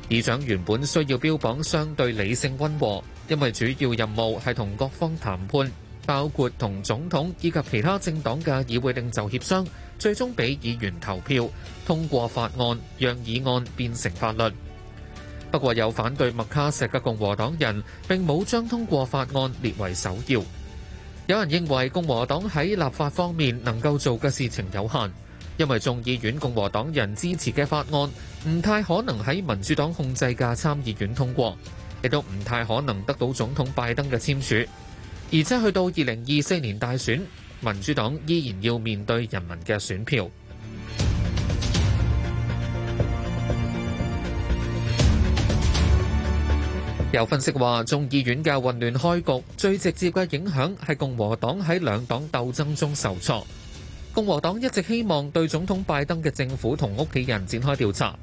Speaker 10: 議長原本需要標榜相對理性溫和，因為主要任務係同各方談判，包括同總統以及其他政黨嘅議會定就協商，最終俾議員投票通過法案，讓議案變成法律。不過有反對麥卡錫嘅共和黨人並冇將通過法案列為首要，有人認為共和黨喺立法方面能夠做嘅事情有限。因為眾議院共和黨人支持嘅法案，唔太可能喺民主黨控制嘅參議院通過，亦都唔太可能得到總統拜登嘅簽署。而且去到二零二四年大選，民主黨依然要面對人民嘅選票。有分析話，眾議院嘅混亂開局，最直接嘅影響係共和黨喺兩黨鬥爭中受挫。共和黨一直希望對總統拜登嘅政府同屋企人展開調查。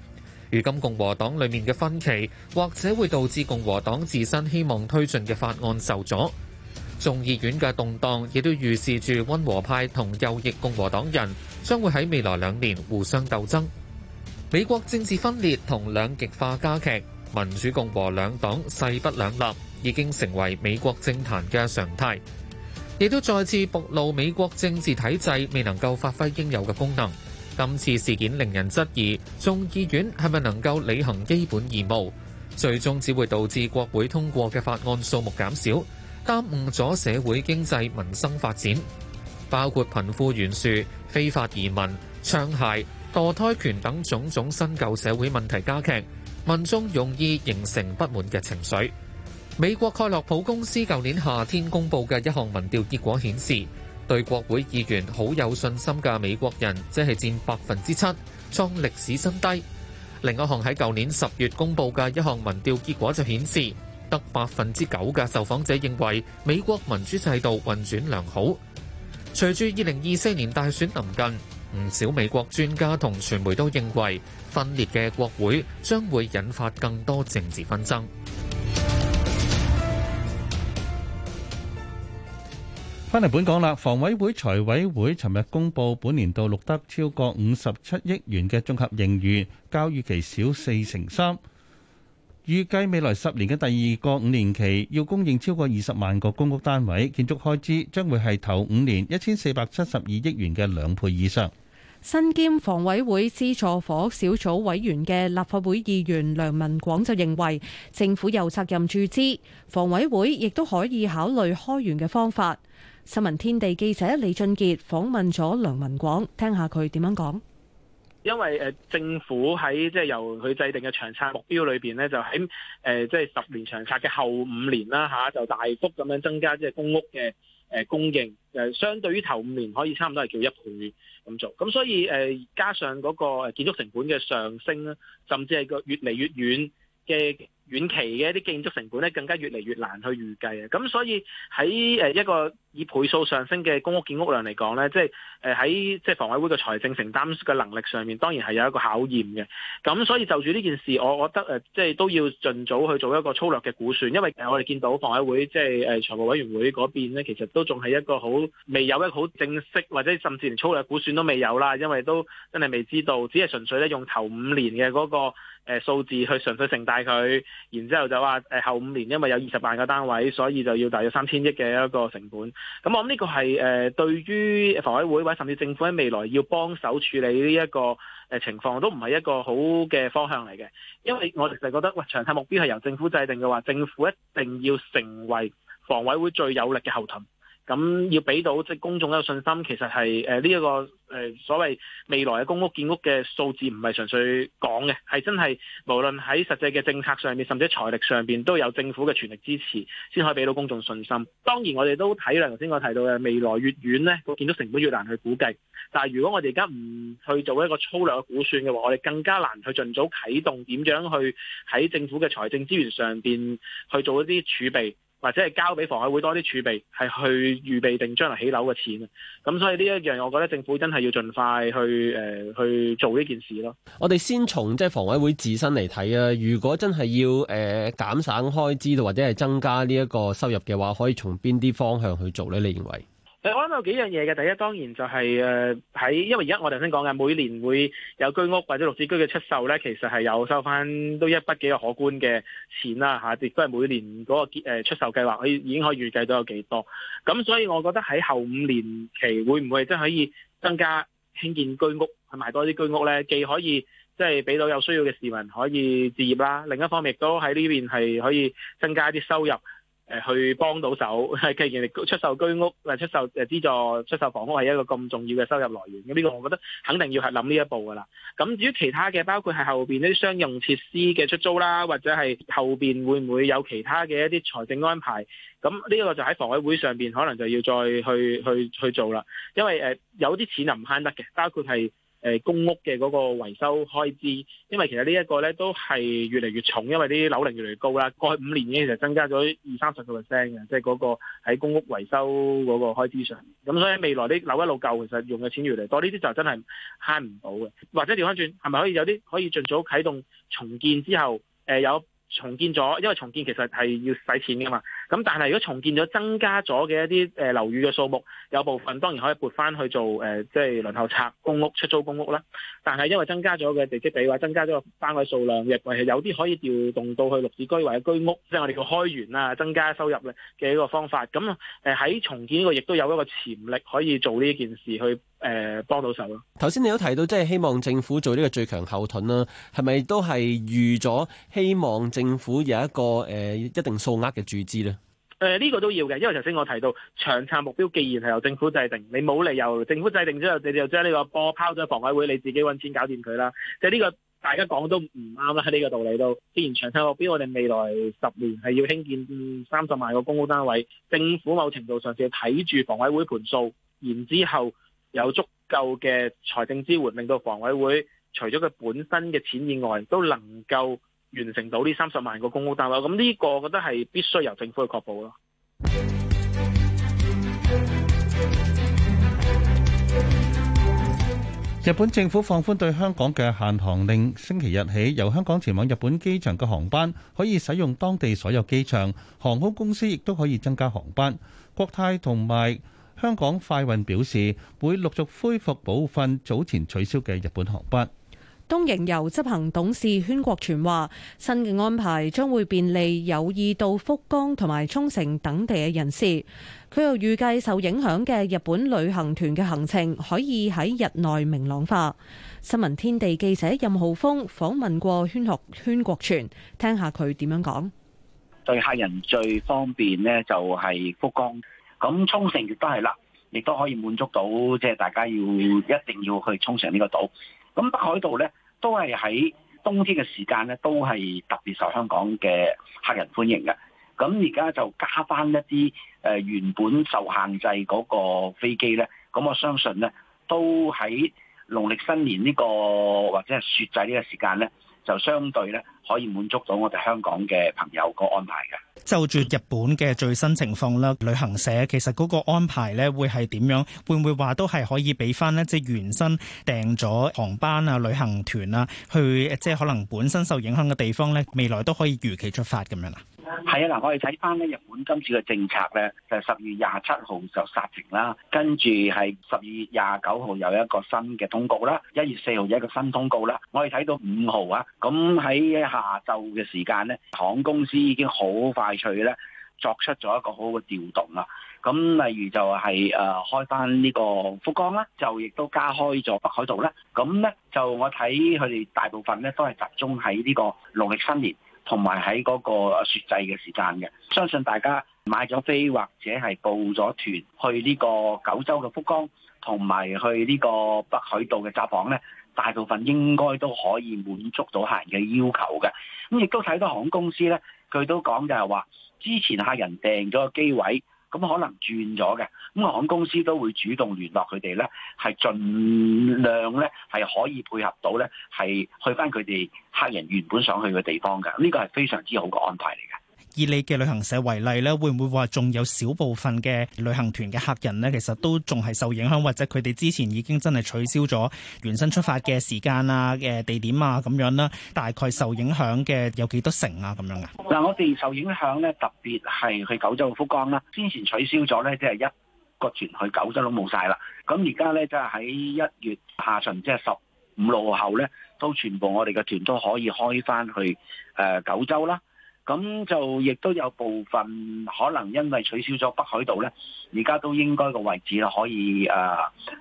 Speaker 10: 如今共和黨裏面嘅分歧，或者會導致共和黨自身希望推進嘅法案受阻。眾議院嘅動盪，亦都預示住溫和派同右翼共和黨人將會喺未來兩年互相鬥爭。美國政治分裂同兩極化加劇，民主共和兩黨勢不兩立，已經成為美國政壇嘅常態。亦都再次暴露美國政治體制未能夠發揮應有嘅功能。今次事件令人質疑眾議院係咪能夠履行基本義務，最終只會導致國會通過嘅法案數目減少，耽誤咗社會經濟民生發展，包括貧富懸殊、非法移民、槍械、墮胎權等種種新舊社會問題加劇，民眾容易形成不滿嘅情緒。美國蓋洛普公司舊年夏天公布嘅一項民調結果顯示，對國會議員好有信心嘅美國人，只係佔百分之七，創歷史新低。另一項喺舊年十月公布嘅一項民調結果就顯示，得百分之九嘅受訪者認為美國民主制度運轉良好。隨住二零二四年大選臨近，唔少美國專家同傳媒都認為，分裂嘅國會將會引發更多政治紛爭。
Speaker 4: 返嚟本港啦，房委會財委會尋日公布本年度錄得超過五十七億元嘅綜合盈餘，較預期少四成三。預計未來十年嘅第二個五年期要供應超過二十萬個公屋單位，建築開支將會係頭五年一千四百七十二億元嘅兩倍以上。
Speaker 3: 身兼房委會資助房屋小組委員嘅立法會議員梁文廣就認為政府有責任注資，房委會亦都可以考慮開源嘅方法。新聞天地記者李俊杰訪問咗梁文廣，聽下佢點樣講。
Speaker 17: 因為誒，政府喺即係由佢制定嘅長策目標裏邊咧，就喺誒即係十年長策嘅後五年啦吓，就大幅咁樣增加即係公屋嘅誒供應，誒相對於頭五年可以差唔多係叫一倍咁做，咁所以誒加上嗰個誒建築成本嘅上升啦，甚至係個越嚟越遠嘅。遠期嘅一啲建築成本咧，更加越嚟越難去預計啊！咁所以喺一個以倍數上升嘅公屋建屋量嚟講咧，即係喺即係房委會嘅財政承擔嘅能力上面，當然係有一個考驗嘅。咁所以就住呢件事，我覺得即係都要盡早去做一個粗略嘅估算，因為我哋見到房委會即係誒財務委員會嗰邊咧，其實都仲係一個好未有一個好正式或者甚至連粗略估算都未有啦，因為都真係未知道，只係純粹咧用頭五年嘅嗰個誒數字去純粹乘大佢。然之後就話誒後五年因為有二十萬個單位，所以就要大約三千億嘅一個成本。咁我諗呢個係誒對於房委會或者甚至政府喺未來要幫手處理呢一個誒情況，都唔係一個好嘅方向嚟嘅。因為我哋就覺得，喂，長提目標係由政府制定嘅話，政府一定要成為房委會最有力嘅後盾。咁要俾到即係公眾一個信心，其實係誒呢一個誒所謂未來嘅公屋建屋嘅數字，唔係純粹講嘅，係真係無論喺實際嘅政策上面，甚至財力上面，都有政府嘅全力支持，先可以俾到公眾信心。當然我，我哋都體諒頭先我提到嘅未來越遠呢個建築成本越難去估計。但係如果我哋而家唔去做一個粗略嘅估算嘅話，我哋更加難去儘早啟動點樣去喺政府嘅財政資源上面去做一啲儲備。或者係交俾房委會多啲儲備，係去預備定將來起樓嘅錢啊。咁所以呢一樣，我覺得政府真係要盡快去誒、呃、去做呢件事咯。
Speaker 10: 我哋先從即係房委會自身嚟睇啊。如果真係要誒、呃、減省開支，或者係增加呢一個收入嘅話，可以從邊啲方向去做呢？你認為？
Speaker 17: 我諗有幾樣嘢嘅。第一當然就係誒喺，因為而家我頭先講嘅，每年會有居屋或者綠置居嘅出售咧，其實係有收翻都一筆幾個可觀嘅錢啦嚇，亦都係每年嗰個出售計劃，可以已經可以預計到有幾多。咁所以我覺得喺後五年期會唔會真係可以增加興建居屋去埋多啲居屋咧？既可以即係俾到有需要嘅市民可以置業啦，另一方面亦都喺呢邊係可以增加一啲收入。誒去幫到手，既然出售居屋、出售誒資助、出售房屋係一個咁重要嘅收入來源，咁呢個我覺得肯定要係諗呢一步㗎啦。咁至於其他嘅，包括係後邊呢啲商用設施嘅出租啦，或者係後面會唔會有其他嘅一啲財政安排？咁呢個就喺房委會上面可能就要再去去去做啦。因為誒有啲錢就唔慳得嘅，包括係。誒公屋嘅嗰個維修開支，因為其實呢一個呢都係越嚟越重，因為啲樓齡越嚟越高啦。過去五年已經其實增加咗二三十個 percent 嘅，即係嗰個喺公屋維修嗰個開支上。咁所以未來啲樓一路舊，其實用嘅錢越嚟越多，呢啲就真係慳唔到嘅。或者調翻轉，係咪可以有啲可以儘早啟動重建之後，誒、呃、有重建咗？因為重建其實係要使錢噶嘛。咁但係如果重建咗增加咗嘅一啲誒，樓宇嘅數目，有部分當然可以撥翻去做誒，即係輪候冊公屋出租公屋啦。但係因為增加咗嘅地積比或者增加咗個單位數量，亦係有啲可以調動到去綠置居或者居屋，即係我哋叫開源啦，增加收入嘅一個方法。咁誒，喺重建呢個亦都有一個潛力可以做呢件事去。誒幫到手咯。
Speaker 10: 頭先你都提到，即係希望政府做呢個最強後盾啦，係咪都係預咗希望政府有一個誒一定數額嘅注資呢？誒、
Speaker 17: 呃、呢、呢個都要嘅，因為頭先我提到長策目標，既然係由政府制定，你冇理由政府制定之後，你就將呢個波拋咗房委會，你自己揾錢搞掂佢啦。即係呢個大家講都唔啱啦，喺呢個道理度。既然長策目標，我哋未來十年係要興建三十萬個公屋單位，政府某程度上係睇住房委會盤數，然之後。有足夠嘅財政支援，令到房委會除咗佢本身嘅錢以外，都能夠完成到呢三十萬個公屋單位。咁呢個，我覺得係必須由政府去確保囉。
Speaker 4: 日本政府放寬對香港嘅限航令，星期日起由香港前往日本機場嘅航班可以使用當地所有機場，航空公司亦都可以增加航班。國泰同埋香港快運表示會陸續恢復部分早前取消嘅日本航班。
Speaker 3: 東瀛遊執行董事軒國全話：新嘅安排將會便利有意到福岡同埋沖繩等地嘅人士。佢又預計受影響嘅日本旅行團嘅行程可以喺日內明朗化。新聞天地記者任浩峰訪問過軒學軒國全，聽下佢點樣講。
Speaker 7: 對客人最方便呢，就係福岡。咁沖繩亦都係啦，亦都可以滿足到即係大家要一定要去沖繩呢個島。咁北海道咧都係喺冬天嘅時間咧，都係特別受香港嘅客人歡迎嘅。咁而家就加翻一啲誒原本受限制嗰個飛機咧，咁我相信咧都喺農曆新年呢個或者係雪祭呢個時間咧。就相對咧，可以滿足到我哋香港嘅朋友個安排嘅。
Speaker 9: 就住日本嘅最新情況啦，旅行社其實嗰個安排咧，會係點樣？會唔會話都係可以俾翻咧？即係原身訂咗航班啊、旅行團啊，去即係可能本身受影響嘅地方咧，未來都可以如期出發咁樣啊？
Speaker 7: 係啊，嗱，我哋睇翻咧日本今次嘅政策咧，就係十月廿七號就殺停啦，跟住係十二月廿九號有一個新嘅通告啦，一月四號有一個新通告啦。我哋睇到五號啊，咁喺下晝嘅時間咧，航空公司已經好快脆咧作出咗一個好好嘅調動啦。咁例如就係誒開翻呢個福岡啦，就亦都加開咗北海道啦。咁咧就我睇佢哋大部分咧都係集中喺呢個農曆新年。同埋喺嗰個雪祭嘅時間嘅，相信大家買咗飛或者係報咗團去呢個九州嘅福岡，同埋去呢個北海道嘅札幌呢，大部分應該都可以滿足到客人嘅要求嘅。咁亦都睇到航空公司呢，佢都講就係話，之前客人訂咗個機位。咁可能轉咗嘅，咁航空公司都會主動聯絡佢哋咧，係盡量咧係可以配合到咧，係去翻佢哋客人原本想去嘅地方嘅，呢個係非常之好嘅安排嚟嘅。
Speaker 9: 以你嘅旅行社為例咧，會唔會話仲有少部分嘅旅行團嘅客人咧，其實都仲係受影響，或者佢哋之前已經真係取消咗原身出發嘅時間啊、嘅地點啊咁樣啦？大概受影響嘅有幾多成啊？咁樣啊？
Speaker 7: 嗱，我哋受影響咧，特別係去九州嘅福岡啦，先前取消咗咧，即係一個團去九州都冇晒啦。咁而家咧，即係喺一月下旬即係十五號後咧，都全部我哋嘅團都可以開翻去、呃、九州啦。咁就亦都有部分可能，因為取消咗北海道咧，而家都應該個位置啦可以誒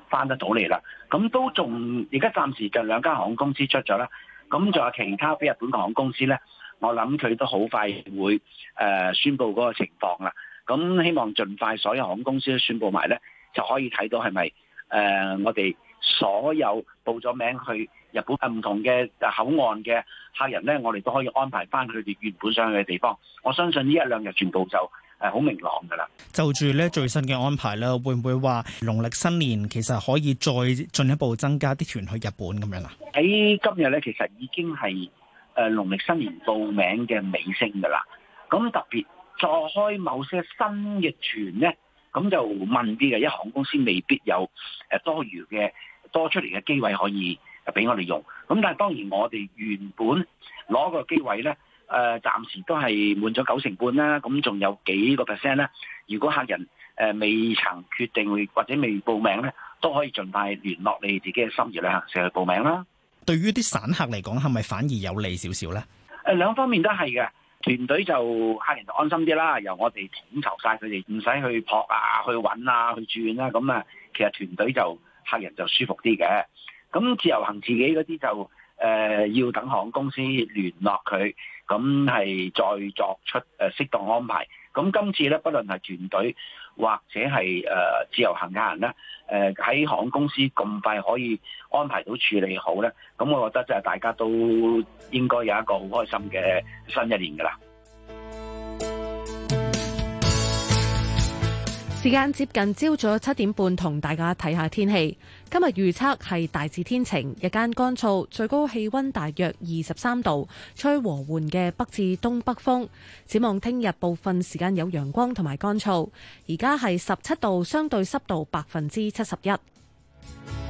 Speaker 7: 翻得到嚟啦。咁都仲而家暫時就兩間航空公司出咗啦。咁仲有其他嘅日本航空公司咧，我諗佢都好快會誒、呃、宣布嗰個情況啦。咁希望盡快所有航空公司都宣布埋咧，就可以睇到係咪誒我哋所有報咗名去。日本唔同嘅口岸嘅客人呢，我哋都可以安排翻佢哋原本想去嘅地方。我相信呢一兩日全部就誒好明朗
Speaker 9: 噶啦。就住呢最新嘅安排啦，會唔會話農曆新年其實可以再進一步增加啲團去日本咁樣啦？
Speaker 7: 喺、哎、今日呢，其實已經係誒農曆新年報名嘅尾聲噶啦。咁特別再開某些新嘅團呢，咁就問啲嘅一航公司未必有誒多餘嘅多出嚟嘅機位可以。俾我哋用，咁但係當然我哋原本攞個機位呢，誒、呃、暫時都係滿咗九成半啦，咁仲有幾個 percent 咧？如果客人誒未曾決定會或者未報名呢，都可以盡快聯絡你自己嘅心儀旅行社去報名啦。
Speaker 9: 對於啲散客嚟講，係咪反而有利少少呢？誒、
Speaker 7: 呃，兩方面都係嘅，團隊就客人就安心啲啦，由我哋統籌晒佢哋，唔使去撲啊、去揾啊、去轉啦，咁啊，其實團隊就客人就舒服啲嘅。咁自由行自己嗰啲就誒要等航空公司聯絡佢，咁係再作出誒適當安排。咁今次咧，不論係團隊或者係誒自由行嘅人咧，誒喺航空公司咁快可以安排到處理好咧，咁我覺得就大家都應該有一個好開心嘅新一年㗎啦。
Speaker 3: 時間接近朝早七點半，同大家睇下天氣。今日預測係大致天晴，日間乾燥，最高氣溫大約二十三度，吹和緩嘅北至東北風。展望聽日部分時間有陽光同埋乾燥。而家係十七度，相對濕度百分之七十一。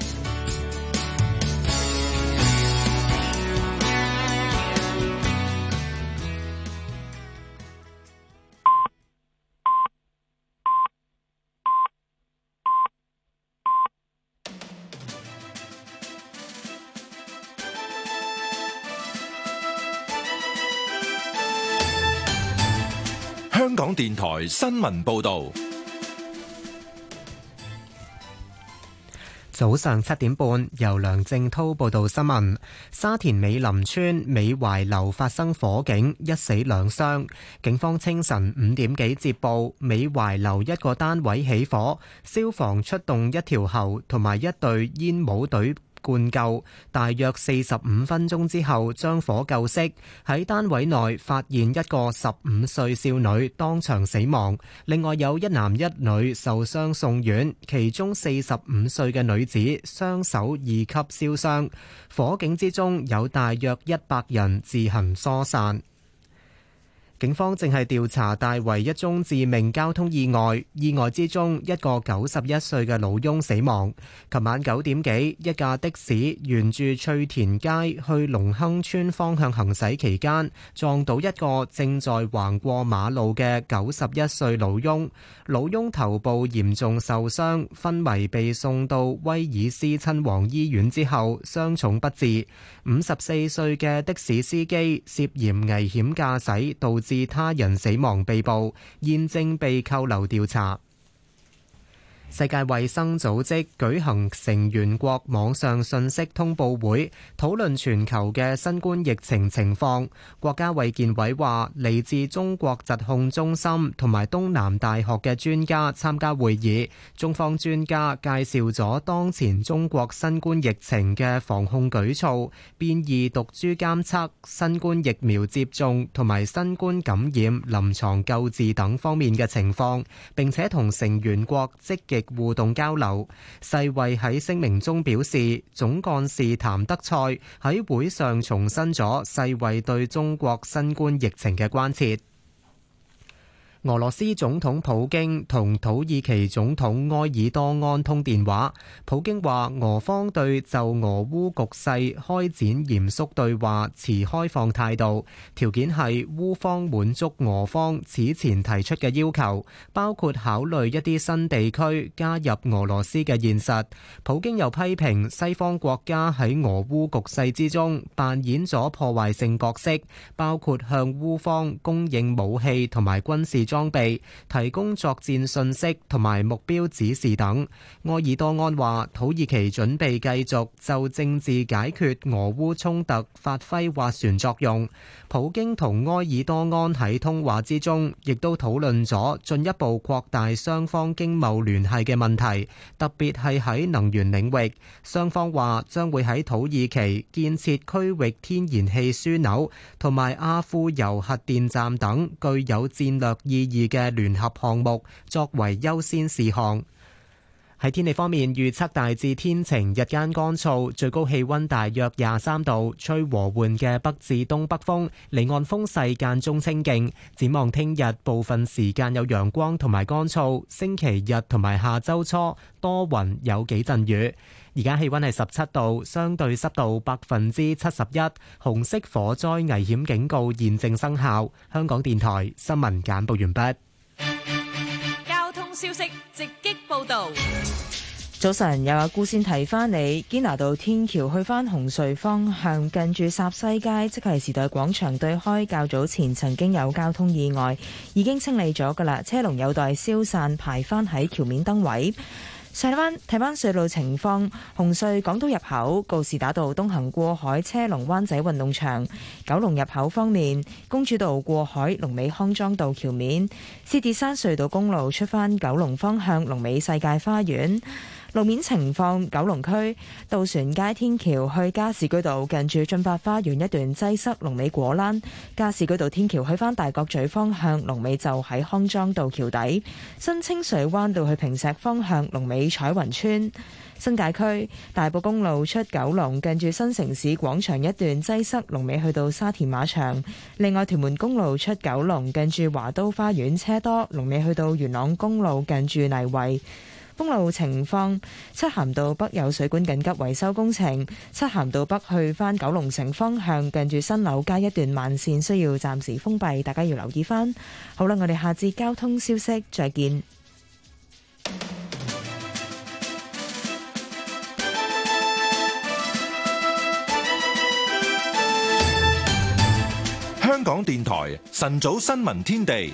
Speaker 1: 香港電台新聞報道，
Speaker 2: 早上七點半，由梁正濤報道新聞。沙田美林村美槐樓發生火警，一死兩傷。警方清晨五點幾接報，美槐樓一個單位起火，消防出動一條喉同埋一隊煙帽隊。灌救大約四十五分鐘之後，將火救熄。喺單位內發現一個十五歲少女當場死亡，另外有一男一女受傷送院，其中四十五歲嘅女子雙手二級燒傷。火警之中有大約一百人自行疏散。警方正係調查大圍一宗致命交通意外，意外之中一個九十一歲嘅老翁死亡。琴晚九點幾，一架的士沿住翠田街去龍亨村方向行駛期間，撞到一個正在橫過馬路嘅九十一歲老翁，老翁頭部嚴重受傷，昏迷，被送到威爾斯親王醫院之後傷重不治。五十四歲嘅的士司機涉嫌危險駕駛導致致他人死亡被捕，現正被扣留調查。世界衛生組織舉行成員國網上信息通報會，討論全球嘅新冠疫情情況。國家衛健委話，嚟自中國疾控中心同埋東南大學嘅專家參加會議。中方專家介紹咗當前中國新冠疫情嘅防控舉措、變異毒株監測、新冠疫苗接種同埋新冠感染臨床救治等方面嘅情況，並且同成員國積極互動交流，世衛喺聲明中表示，總幹事譚德塞喺會上重申咗世衛對中國新冠疫情嘅關切。俄羅斯總統普京同土耳其總統埃爾多安通電話，普京話俄方對就俄烏局勢開展嚴肅對話持開放態度，條件係烏方滿足俄方此前提出嘅要求，包括考慮一啲新地區加入俄羅斯嘅現實。普京又批評西方國家喺俄烏局勢之中扮演咗破壞性角色，包括向烏方供應武器同埋軍事。裝備、提供作戰信息同埋目標指示等。埃爾多安話土耳其準備繼續就政治解決俄烏衝突發揮斡旋作用。普京同埃爾多安喺通話之中，亦都討論咗進一步擴大雙方經貿聯繫嘅問題，特別係喺能源領域。雙方話將會喺土耳其建設區域天然氣樞紐同埋阿富油核電站等具有戰略意義二嘅聯合項目作為優先事項。喺天氣方面，預測大致天晴，日間乾燥，最高氣溫大約廿三度，吹和緩嘅北至東北風，離岸風勢間中清勁。展望聽日部分時間有陽光同埋乾燥，星期日同埋下周初多雲有幾陣雨。而家氣温係十七度，相對濕度百分之七十一，紅色火災危險警告現正生效。香港電台新聞簡報完畢。
Speaker 11: 交通消息直擊報道。
Speaker 13: 早晨，有阿姑先提翻你，堅拿道天橋去翻紅隧方向，近住霎西街，即係時代廣場對開。較早前曾經有交通意外，已經清理咗噶啦，車龍有待消散，排翻喺橋面燈位。西灣、台灣隧道情況，紅隧港島入口、告士打道東行過海車龍、灣仔運動場、九龍入口方面，公主道過海、龍尾康莊道橋面、獅子山隧道公路出返九龍方向、龍尾世界花園。路面情況：九龍區渡船街天橋去加士居道近住駿發花園一段擠塞，龍尾果欄；加士居道天橋去翻大角咀方向，龍尾就喺康莊道橋底；新清水灣道去坪石方向，龍尾彩雲村；新界區大埔公路出九龍近住新城市廣場一段擠塞龍，龍尾去到沙田馬場。另外，屯門公路出九龍近住華都花園車多，龍尾去到元朗公路近住泥圍。封路情況：漆咸道北有水管緊急維修工程，漆咸道北去返九龍城方向，近住新樓街一段慢線需要暫時封閉，大家要留意返。好啦，我哋下節交通消息再見。
Speaker 1: 香港電台晨早新聞天地。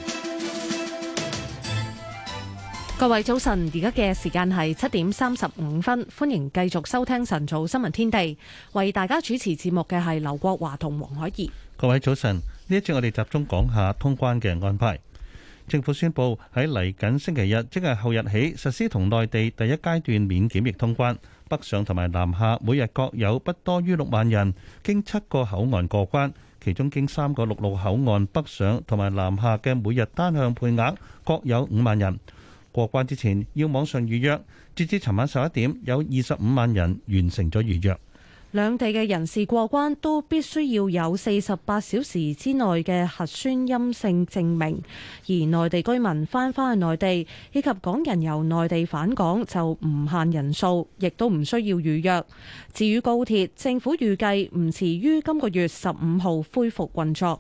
Speaker 3: 各位早晨，而家嘅時間係七點三十五分，歡迎繼續收聽晨早新聞天地。為大家主持節目嘅係劉國華同黃海怡。
Speaker 4: 各位早晨，呢一節我哋集中講下通關嘅安排。政府宣布喺嚟緊星期日，即係後日起實施同內地第一階段免檢疫通關，北上同埋南下每日各有不多於六萬人經七個口岸過關，其中經三個陸路口岸北上同埋南下嘅每日單向配額各有五萬人。過關之前要網上預約，截至尋晚十一點，有二十五萬人完成咗預約。
Speaker 3: 兩地嘅人士過關都必須要有四十八小時之內嘅核酸陰性證明。而內地居民翻返去內地，以及港人由內地返港就唔限人數，亦都唔需要預約。至於高鐵，政府預計唔遲於今個月十五號恢復運
Speaker 4: 作。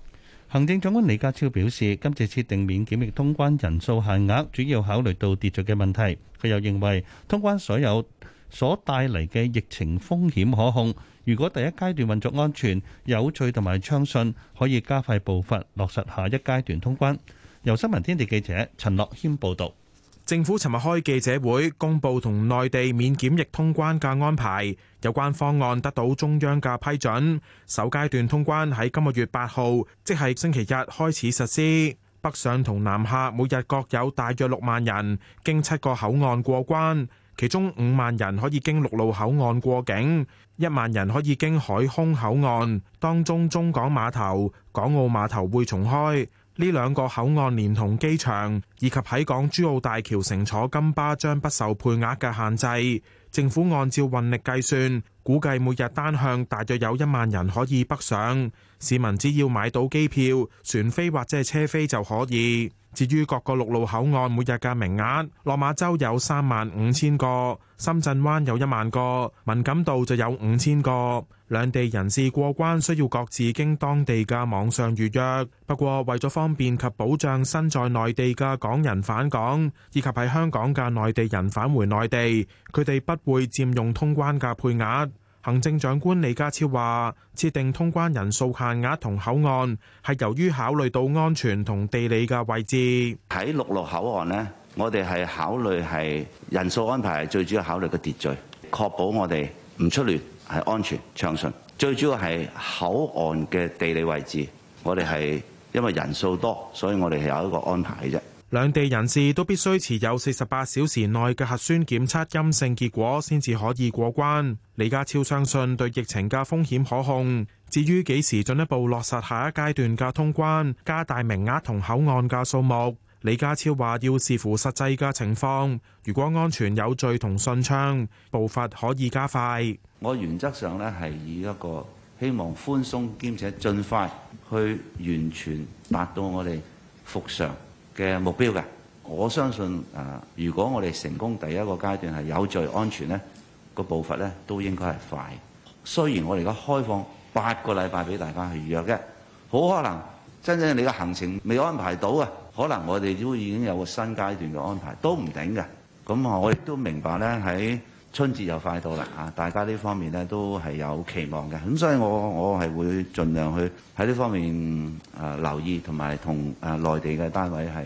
Speaker 4: 行政長官李家超表示，今次設定免檢疫通關人數限額，主要考慮到秩序嘅問題。佢又認為，通關所有所帶嚟嘅疫情風險可控。如果第一階段運作安全、有序同埋暢順，可以加快步伐落實下一階段通關。由新聞天地記者陳樂軒報導。
Speaker 15: 政府尋日開記者會，公布同內地免檢疫通關嘅安排。有關方案得到中央嘅批准，首階段通關喺今個月八號，即係星期日開始實施。北上同南下每日各有大約六萬人經七個口岸過關，其中五萬人可以經陸路口岸過境，一萬人可以經海空口岸。當中，中港碼頭、港澳碼頭會重開。呢兩個口岸連同機場以及喺港珠澳大橋乘坐金巴將不受配額嘅限制。政府按照運力計算，估計每日單向大約有一萬人可以北上。市民只要買到機票、船飛或者係車飛就可以。至於各個陸路口岸每日嘅名額，落馬洲有三萬五千個，深圳灣有一萬個，文錦渡就有五千個。兩地人士過關需要各自經當地嘅網上預約。不過，為咗方便及保障身在內地嘅港人返港，以及喺香港嘅內地人返回內地，佢哋不會佔用通關嘅配額。行政長官李家超話：設定通關人數限額同口岸係由於考慮到安全同地理嘅位置。
Speaker 16: 喺陸路口岸呢，我哋係考慮係人數安排最主要考慮嘅秩序，確保我哋唔出亂。係安全暢順，最主要係口岸嘅地理位置。我哋係因為人數多，所以我哋係有一個安排嘅啫。
Speaker 15: 兩地人士都必須持有四十八小時內嘅核酸檢測陰性結果，先至可以過關。李家超相信對疫情嘅風險可控。至於幾時進一步落實下一階段嘅通關，加大名額同口岸嘅數目，李家超話要視乎實際嘅情況。如果安全有序同順暢，步伐可以加快。
Speaker 16: 我原則上咧係以一個希望寬鬆兼且盡快去完全達到我哋復常嘅目標嘅。我相信啊，如果我哋成功第一個階段係有序安全咧，個步伐咧都應該係快。雖然我哋而家開放八個禮拜俾大家去預約嘅，好可能真正你嘅行程未安排到啊，可能我哋都已經有個新階段嘅安排，都唔定嘅。咁我亦都明白咧喺。春節又快到啦！啊，大家呢方面都係有期望嘅。咁，所以我我係會盡量去喺呢方面誒留意，同埋同誒內地嘅單位係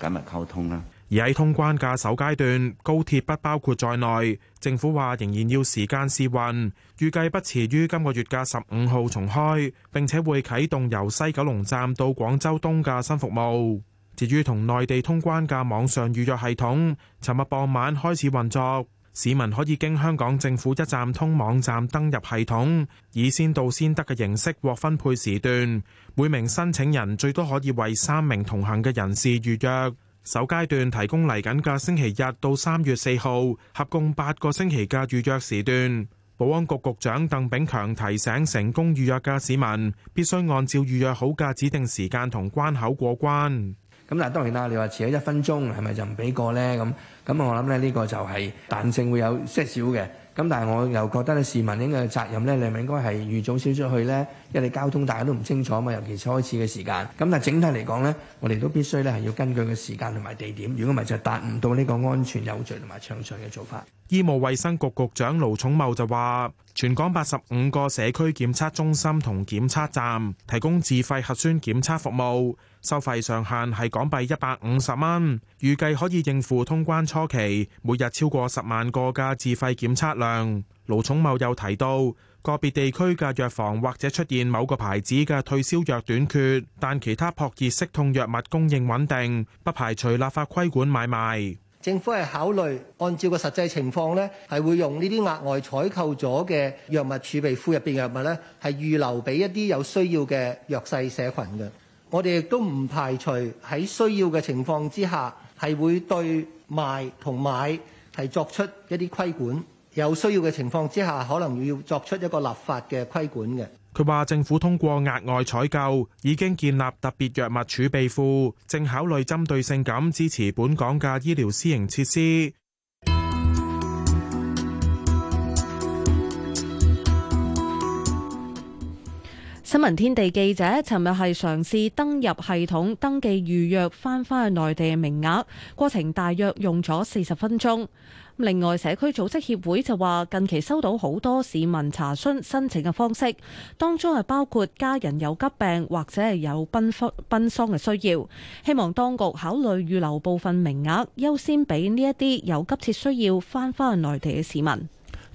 Speaker 16: 緊密溝通啦。而喺
Speaker 15: 通關嘅首階段，高鐵不包括在內。政府話仍然要時間試運，預計不遲於今個月嘅十五號重開。並且會啟動由西九龍站到廣州東嘅新服務。至於同內地通關嘅網上預約系統，尋日傍晚開始運作。市民可以經香港政府一站通網站登入系統，以先到先得嘅形式獲分配時段。每名申請人最多可以為三名同行嘅人士預約。首階段提供嚟緊嘅星期日到三月四號，合共八個星期嘅預約時段。保安局局長鄧炳強提醒成功預約嘅市民，必須按照預約好
Speaker 17: 嘅指定時間同關口過關。咁但係當然啦，你話遲咗一分鐘係咪就唔俾過呢？咁咁我諗咧，呢個就係彈性會有些少嘅。咁但係我又覺得呢市民應該嘅責任呢，你咪應該係預早少少去呢？因為交通大家都唔清楚嘛，尤其是開始嘅時間。咁但係整體嚟講呢，我哋都必須咧係要根據嘅時間同埋地點。如果唔係就達唔到呢個安全有序同埋暢順嘅做法。醫務衛生局局長盧寵茂就話，
Speaker 15: 全港八十五個社區檢測中心同檢測站提供自費核酸檢測服務。收費上限係港幣一百五十蚊，預計可以應付通關初期每日超過十萬個嘅自費檢測量。盧寵茂又提到，個別地區嘅藥房或者出現某個牌子嘅退燒藥短缺，但其他撲熱息痛藥物供應穩定，不排除立法規管買賣。
Speaker 10: 政府係考慮按照個實際情況呢，係會用呢啲額外採購咗嘅藥物儲備庫入邊藥物呢，係預留俾一啲有需要嘅弱勢社群嘅。我哋亦都唔排除喺需要嘅情況之下，係會對賣同買係作出一啲規管。有需要嘅情況之下，可能要作出一個立法嘅規管嘅。
Speaker 15: 佢話：政府通過額外採購已經建立特別藥物儲備庫，正考慮針對性咁支持本港嘅醫療私營設施。
Speaker 3: 新聞天地記者尋日係嘗試登入系統登記預約翻返去內地嘅名額，過程大約用咗四十分鐘。另外，社區組織協會就話，近期收到好多市民查詢申請嘅方式，當中係包括家人有急病或者係有奔奔喪嘅需要，希望當局考慮預留部分名額，優先俾呢一啲有急切需要翻返去內地嘅市民。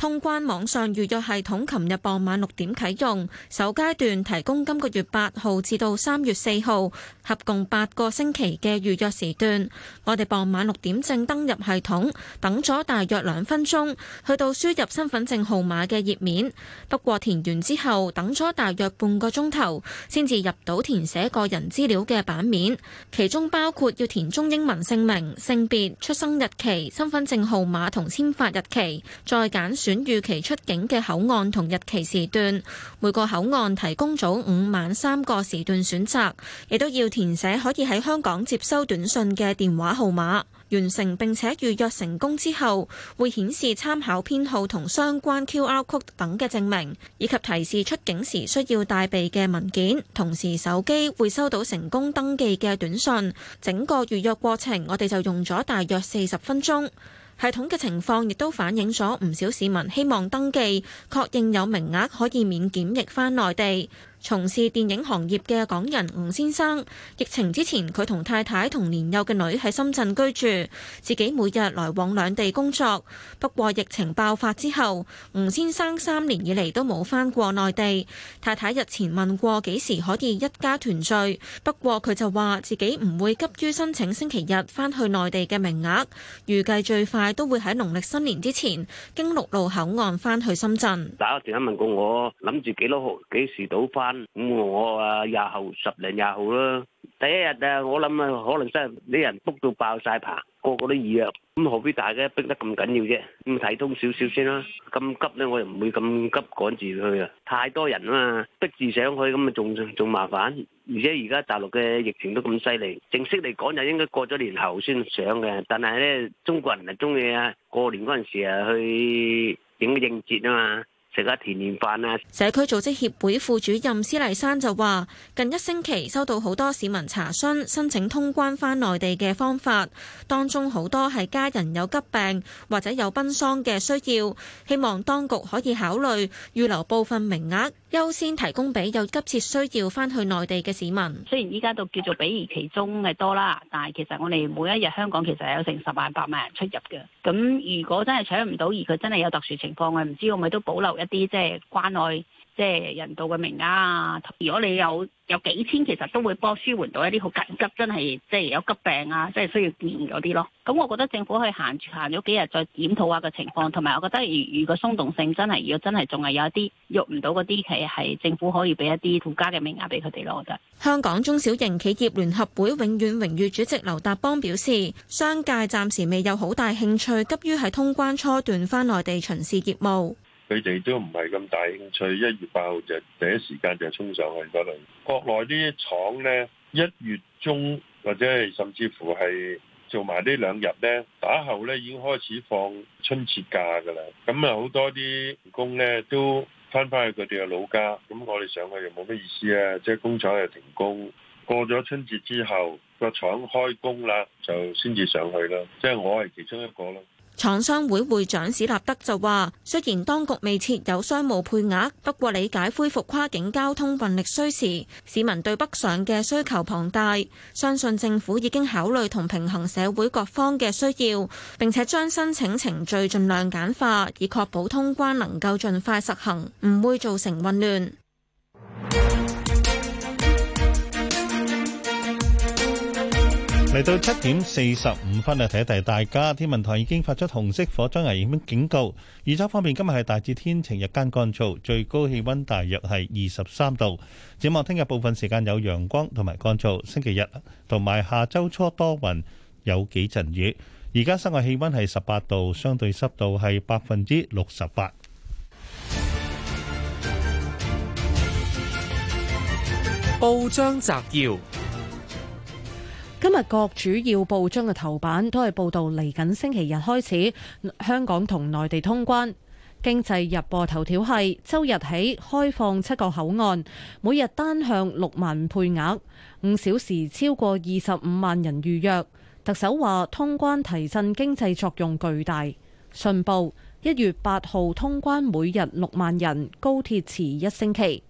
Speaker 12: 通關網上預約系統，琴日傍晚六點啟用，首階段提供今個月八號至到三月四號，合共八個星期嘅預約時段。我哋傍晚六點正登入系統，等咗大約兩分鐘，去到輸入身份證號碼嘅頁面。不過填完之後，等咗大約半個鐘頭，先至入到填寫個人資料嘅版面，其中包括要填中英文姓名、性別、出生日期、身份證號碼同簽發日期，再揀選，選。選預期出境嘅口岸同日期時段，每個口岸提供早午晚三個時段選擇，亦都要填寫可以喺香港接收短信嘅電話號碼。完成並且預約成功之後，會顯示參考編號同相關 QR Code 等嘅證明，以及提示出境時需要帶備嘅文件。同時手機會收到成功登記嘅短信。整個預約過程我哋就用咗大約四十分鐘。系統嘅情況亦都反映咗唔少市民希望登記，確認有名額可以免檢疫返內地。從事電影行業嘅港人吳先生，疫情之前佢同太太同年幼嘅女喺深圳居住，自己每日來往兩地工作。不過疫情爆發之後，吳先生三年以嚟都冇返過內地。太太日前問過幾時可以一家團聚，不過佢就話自己唔會急於申請星期日返去內地嘅名額，預計最快都會喺農曆新年之前經陸路口岸返去深圳。
Speaker 7: 打個電話問過我諗住幾多號幾時到返？咁我啊廿號十零廿號啦，第一日啊，我諗啊，可能真係啲人 book 到爆晒棚，個個都預約，咁何必大家逼得咁緊要啫？咁睇通少少先啦，咁急咧，我又唔會咁急趕住去啊，太多人啊嘛，逼住上去咁啊，仲仲麻煩，而且而家大陸嘅疫情都咁犀利，正式嚟講就應該過咗年後先上嘅，但係咧，中國人啊中意啊，過年嗰陣時啊去影個應節啊嘛。食下田連飯啊！
Speaker 12: 社區組織協會副主任施麗珊就話：近一星期收到好多市民查詢申請通關翻內地嘅方法，當中好多係家人有急病或者有奔喪嘅需要，希望當局可以考慮預留部分名額，優先提供俾有急切需要翻去內地嘅市民。雖然依家都叫做比而其中嘅多啦，但係其實我哋每一日香港其實有成十萬八萬人出入嘅。咁如果真係搶唔到，而佢真係有特殊情況，我唔知我咪都保留一啲即係關愛即係人道嘅名額，啊。如果你有有幾千，其實都會幫舒緩到一啲好緊急，真係即係有急病啊，即係需要見咗啲咯。咁我覺得政府去行住行咗幾日，再檢討下個情況，同埋我覺得如如果鬆動性真係如果真係仲係有一啲喐唔到嗰啲，其實係政府可以俾一啲附加嘅名額俾佢哋咯。我覺得香港中小型企業聯合會永遠榮譽主席劉達邦表示，商界暫時未有好大興趣，急於喺通關初段翻內地巡視業務。
Speaker 5: 佢哋都唔係咁大興趣，一月八號就第一時間就衝上去嗰度。國內啲廠呢，
Speaker 10: 一月中
Speaker 5: 或者係甚至乎係做埋呢兩日呢，打後呢已經開始放春節假噶啦。咁啊好多啲員工呢都翻返去佢哋嘅老家。咁我哋上去又冇咩意思啊！即係工廠又停工。過咗春節之後，個廠開工啦，就先至上去咯。即係我係其中一個咯。
Speaker 12: 廠商會會長史立德就話，雖然當局未設有商務配額，不過理解恢復跨境交通運力需時，市民對北上嘅需求龐大，相信政府已經考慮同平衡社會各方嘅需要，並且將申請程序盡量簡化，以確保通關能夠盡快實行，唔會造成混亂。
Speaker 4: 嚟到七點四十五分啊！提一提大家，天文台已經發出紅色火災危險警告。預測方面，今日係大致天晴，日間乾燥，最高氣温大約係二十三度。展望聽日部分時間有陽光同埋乾燥，星期日同埋下周初多雲，有幾陣雨。而家室外氣温係十八度，相對濕度係百分之六十八。
Speaker 3: 報章摘要。今日各主要報章嘅頭版都係報道嚟緊星期日開始香港同內地通關。經濟日報頭條係周日起開放七個口岸，每日單向六萬配額，五小時超過二十五萬人預約。特首話通關提振經濟作用巨大。信報一月八號通關每日六萬人，高鐵遲一星期。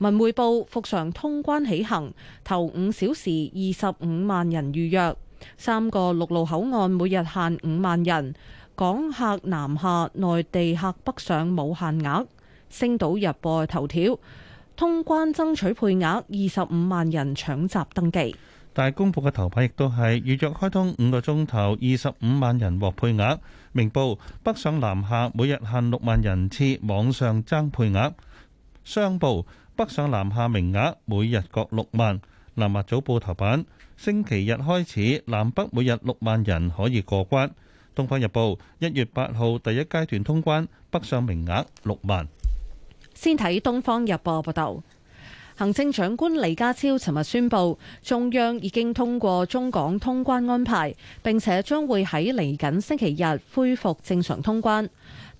Speaker 3: 文匯報復常通關起行，頭五小時二十五萬人預約，三個陸路口岸每日限五萬人。港客南下，內地客北上冇限額。星島日報頭條：通關爭取配額，二十五萬人搶閘登記。
Speaker 4: 大公報嘅頭牌亦都係預約開通五個鐘頭，二十五萬人獲配額。明報北上南下每日限六萬人次，網上爭配額。商報。北上南下名額每日各六萬。南華早報頭版，星期日開始，南北每日六萬人可以過關。《東方日報》一月八號第一階段通關，北上名額六萬。
Speaker 3: 先睇《東方日報》報道，行政長官李家超尋日宣布，中央已經通過中港通關安排，並且將會喺嚟緊星期日恢復正常通關，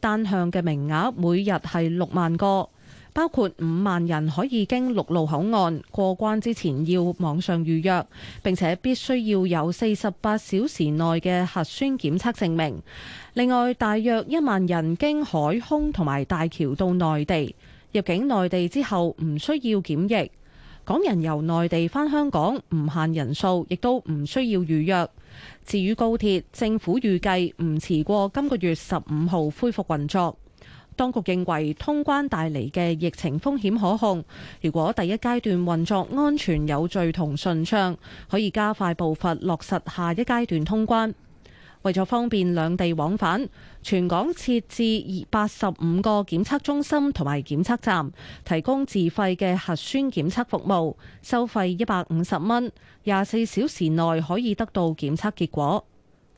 Speaker 3: 單向嘅名額每日係六萬個。包括五萬人可以經陸路口岸過關，之前要網上預約，並且必須要有四十八小時內嘅核酸檢測證明。另外，大約一萬人經海空同埋大橋到內地，入境內地之後唔需要檢疫。港人由內地返香港唔限人數，亦都唔需要預約。至於高鐵，政府預計唔遲過今個月十五號恢復運作。當局認為通關帶嚟嘅疫情風險可控，如果第一階段運作安全有序同順暢，可以加快步伐落實下一階段通關。為咗方便兩地往返，全港設置八十五個檢測中心同埋檢測站，提供自費嘅核酸檢測服務，收費一百五十蚊，廿四小時內可以得到檢測結果。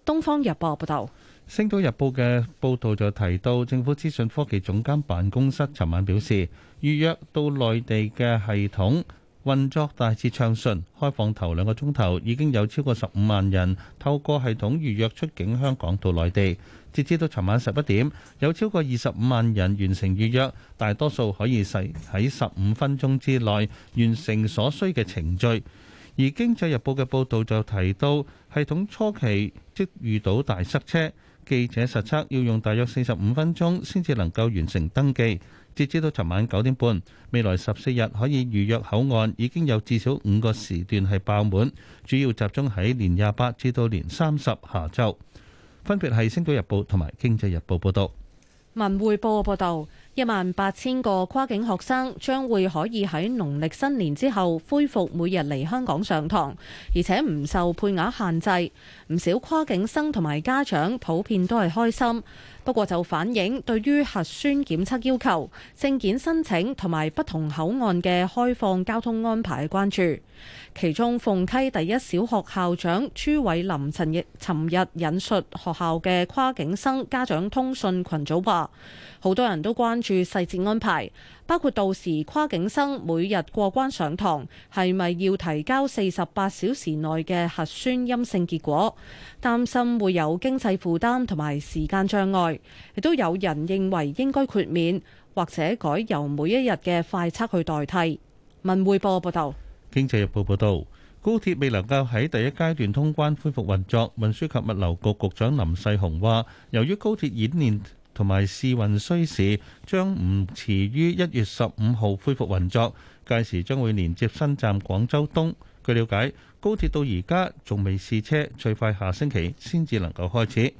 Speaker 3: 《東方日報》報道。
Speaker 4: 星島日報嘅報導就提到，政府資訊科技總監辦公室尋晚表示，預約到內地嘅系統運作大致暢順，開放頭兩個鐘頭已經有超過十五萬人透過系統預約出境香港到內地。截至到尋晚十一點，有超過二十五萬人完成預約，大多數可以使喺十五分鐘之內完成所需嘅程序。而經濟日報嘅報導就提到，系統初期即遇到大塞車。記者實測要用大約四十五分鐘先至能夠完成登記。截至到尋晚九點半，未來十四日可以預約口岸已經有至少五個時段係爆滿，主要集中喺年廿八至到年三十下週。分別係《星島日報》同埋《經濟日報》報道。
Speaker 3: 文匯報報道，一萬八千個跨境學生將會可以喺農曆新年之後恢復每日嚟香港上堂，而且唔受配額限制。唔少跨境生同埋家長普遍都係開心，不過就反映對於核酸檢測要求、證件申請同埋不同口岸嘅開放交通安排關注。其中，鳳溪第一小學校長朱偉林尋日引述學校嘅跨境生家長通訊群組話：好多人都關注細節安排，包括到時跨境生每日過關上堂，係咪要提交四十八小時內嘅核酸陰性結果，擔心會有經濟負擔同埋時間障礙。亦都有人認為應該豁免，或者改由每一日嘅快測去代替。文匯報報道。
Speaker 4: 經濟日報報導，高鐵未能夠喺第一階段通關恢復運作，運輸及物流局局長林世雄話，由於高鐵演練同埋試運需時，將唔遲於一月十五號恢復運作，屆時將會連接新站廣州東。據了解，高鐵到而家仲未試車，最快下星期先至能夠開始。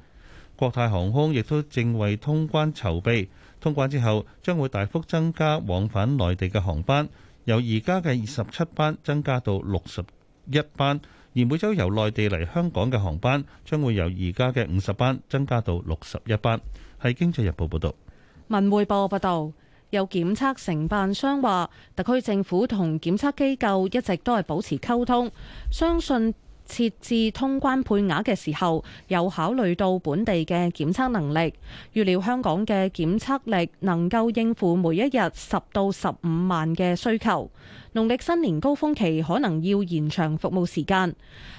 Speaker 4: 國泰航空亦都正為通關籌備，通關之後將會大幅增加往返內地嘅航班。由而家嘅二十七班增加到六十一班，而每周由內地嚟香港嘅航班將會由而家嘅五十班增加到六十一班，係經濟日報報道。
Speaker 3: 文匯報報道，有檢測承辦商話特區政府同檢測機構一直都係保持溝通，相信。設置通關配額嘅時候，有考慮到本地嘅檢測能力，預料香港嘅檢測力能夠應付每一日十到十五萬嘅需求。農曆新年高峰期可能要延長服務時間。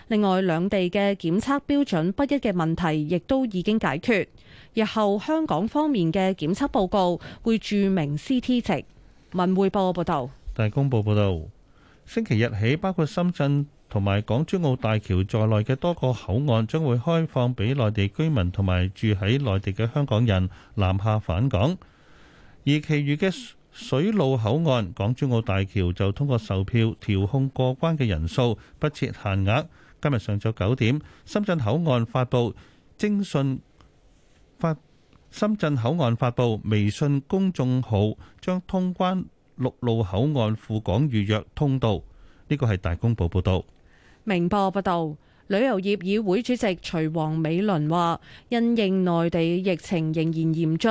Speaker 3: 另外，兩地嘅檢測標準不一嘅問題亦都已經解決。日後香港方面嘅檢測報告會註明 CT 值。文匯報報導，
Speaker 4: 大公報報道，星期日起包括深圳。同埋港珠澳大橋在內嘅多個口岸將會開放俾內地居民同埋住喺內地嘅香港人南下返港，而其餘嘅水路口岸，港珠澳大橋就通過售票調控過關嘅人數，不設限額。今日上晝九點，深圳口岸發布徵信發深圳口岸發布微信公眾號，將通關陸路口岸赴港預約通道。呢個係大公報報導。
Speaker 3: 明報報道，旅遊業議會主席徐王美倫話：因應內地疫情仍然嚴峻，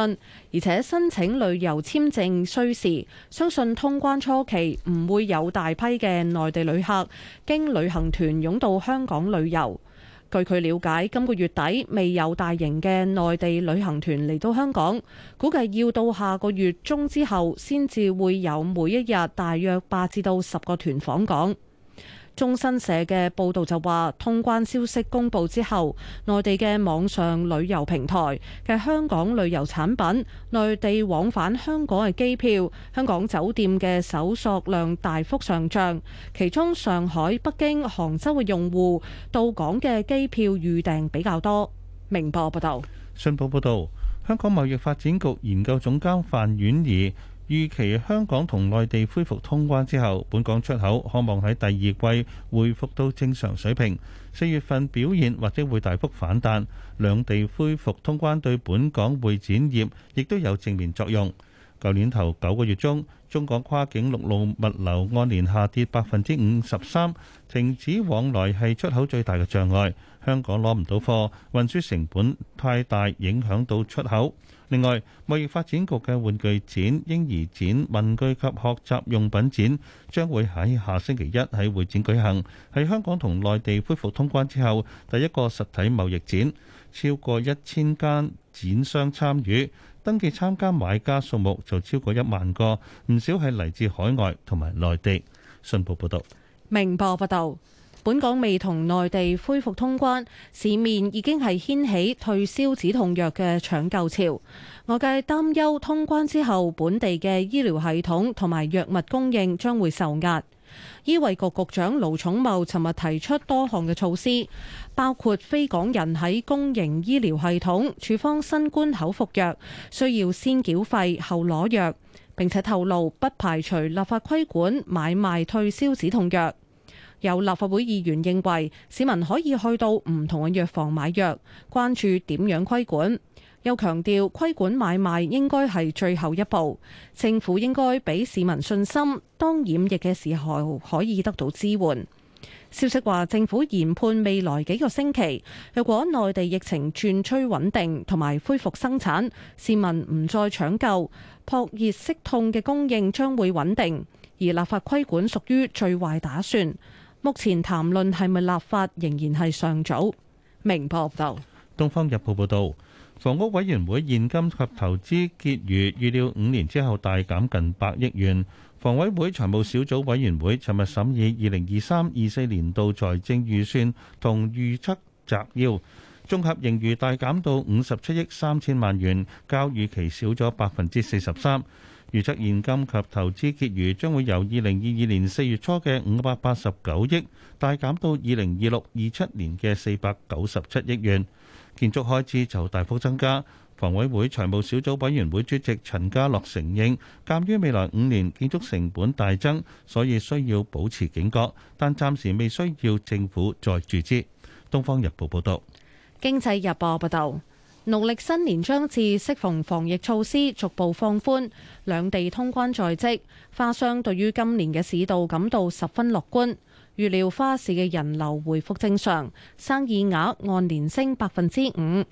Speaker 3: 而且申請旅遊簽證需時，相信通關初期唔會有大批嘅內地旅客經旅行團湧到香港旅遊。據佢了解，今個月底未有大型嘅內地旅行團嚟到香港，估計要到下個月中之後先至會有每一日大約八至到十個團訪港。中新社嘅報導就話，通關消息公布之後，內地嘅網上旅遊平台嘅香港旅遊產品、內地往返香港嘅機票、香港酒店嘅搜索量大幅上漲，其中上海、北京、杭州嘅用戶到港嘅機票預訂比較多。明報報道，
Speaker 4: 信報報道，香港貿易發展局研究總監范婉兒。預期香港同內地恢復通關之後，本港出口，可望喺第二季，恢復到正常水平。四月份表現，或者會大幅反彈，兩地恢復通關對本港會展業，亦都有正面作用。舊年頭，九個月中，中港跨境陸路物流按年下跌百分之五十三，停止往來係出口最大嘅障礙。香港攞唔到貨，運輸成本太大影響到出口。另外，貿易發展局嘅玩具展、嬰兒展、文具及學習用品展將會喺下星期一喺會展舉行。喺香港同內地恢復通關之後，第一個實體貿易展，超過一千間展商參與，登記參加買家數目就超過一萬個，唔少係嚟自海外同埋內地。信報報道，
Speaker 3: 明報報道。本港未同內地恢復通關，市面已經係掀起退燒止痛藥嘅搶購潮。外界擔憂通關之後，本地嘅醫療系統同埋藥物供應將會受壓。醫衞局局長盧寵茂尋日提出多項嘅措施，包括非港人喺公營醫療系統處方新冠口服藥，需要先繳費後攞藥。並且透露不排除立法規管買賣退燒止痛藥。有立法會議員認為市民可以去到唔同嘅藥房買藥，關注點樣規管。又強調規管買賣應該係最後一步，政府應該俾市民信心，當染疫嘅時候可以得到支援。消息話，政府研判未來幾個星期，若果內地疫情轉趨穩定同埋恢復生產，市民唔再搶購，撲熱息痛嘅供應將會穩定，而立法規管屬於最壞打算。目前談論係咪立法仍然係尚早。明報報
Speaker 4: 導，《東方日報》報道，房屋委員會現金及投資結餘預料五年之後大減近百億元。房委會財務小組委員會尋日審議二零二三、二四年度財政預算同預測摘要，綜合盈餘大減到五十七億三千萬元，較預期少咗百分之四十三。預測現金及投資結餘將會由二零二二年四月初嘅五百八十九億，大減到二零二六、二七年嘅四百九十七億元。建築開支就大幅增加。房委會財務小組委員會主席陳家樂承認，鑑於未來五年建築成本大增，所以需要保持警覺，但暫時未需要政府再注資。《東方日報》報道。
Speaker 3: 《經濟日報》報導。農曆新年將至，適逢防疫措施逐步放寬，兩地通關在即，花商對於今年嘅市道感到十分樂觀，預料花市嘅人流回復正常，生意額按年升百分之五。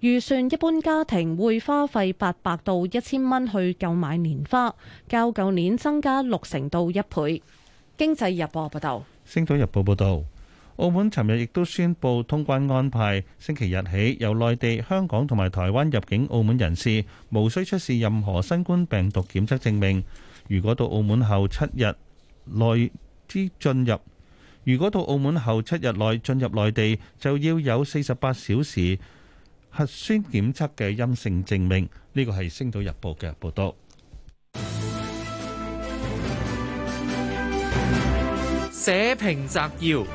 Speaker 3: 預算一般家庭會花費八百到一千蚊去購買年花，較舊年增加六成到一倍。經濟日報報道。
Speaker 4: 星島日報報道。澳門尋日亦都宣布通關安排，星期日起由內地、香港同埋台灣入境澳門人士，無需出示任何新冠病毒檢測證明。如果到澳門後七日內之進入，如果到澳門後七日內進入內地，就要有四十八小時核酸檢測嘅陰性證明。呢個係《星島日報》嘅報道。
Speaker 10: 社評摘要。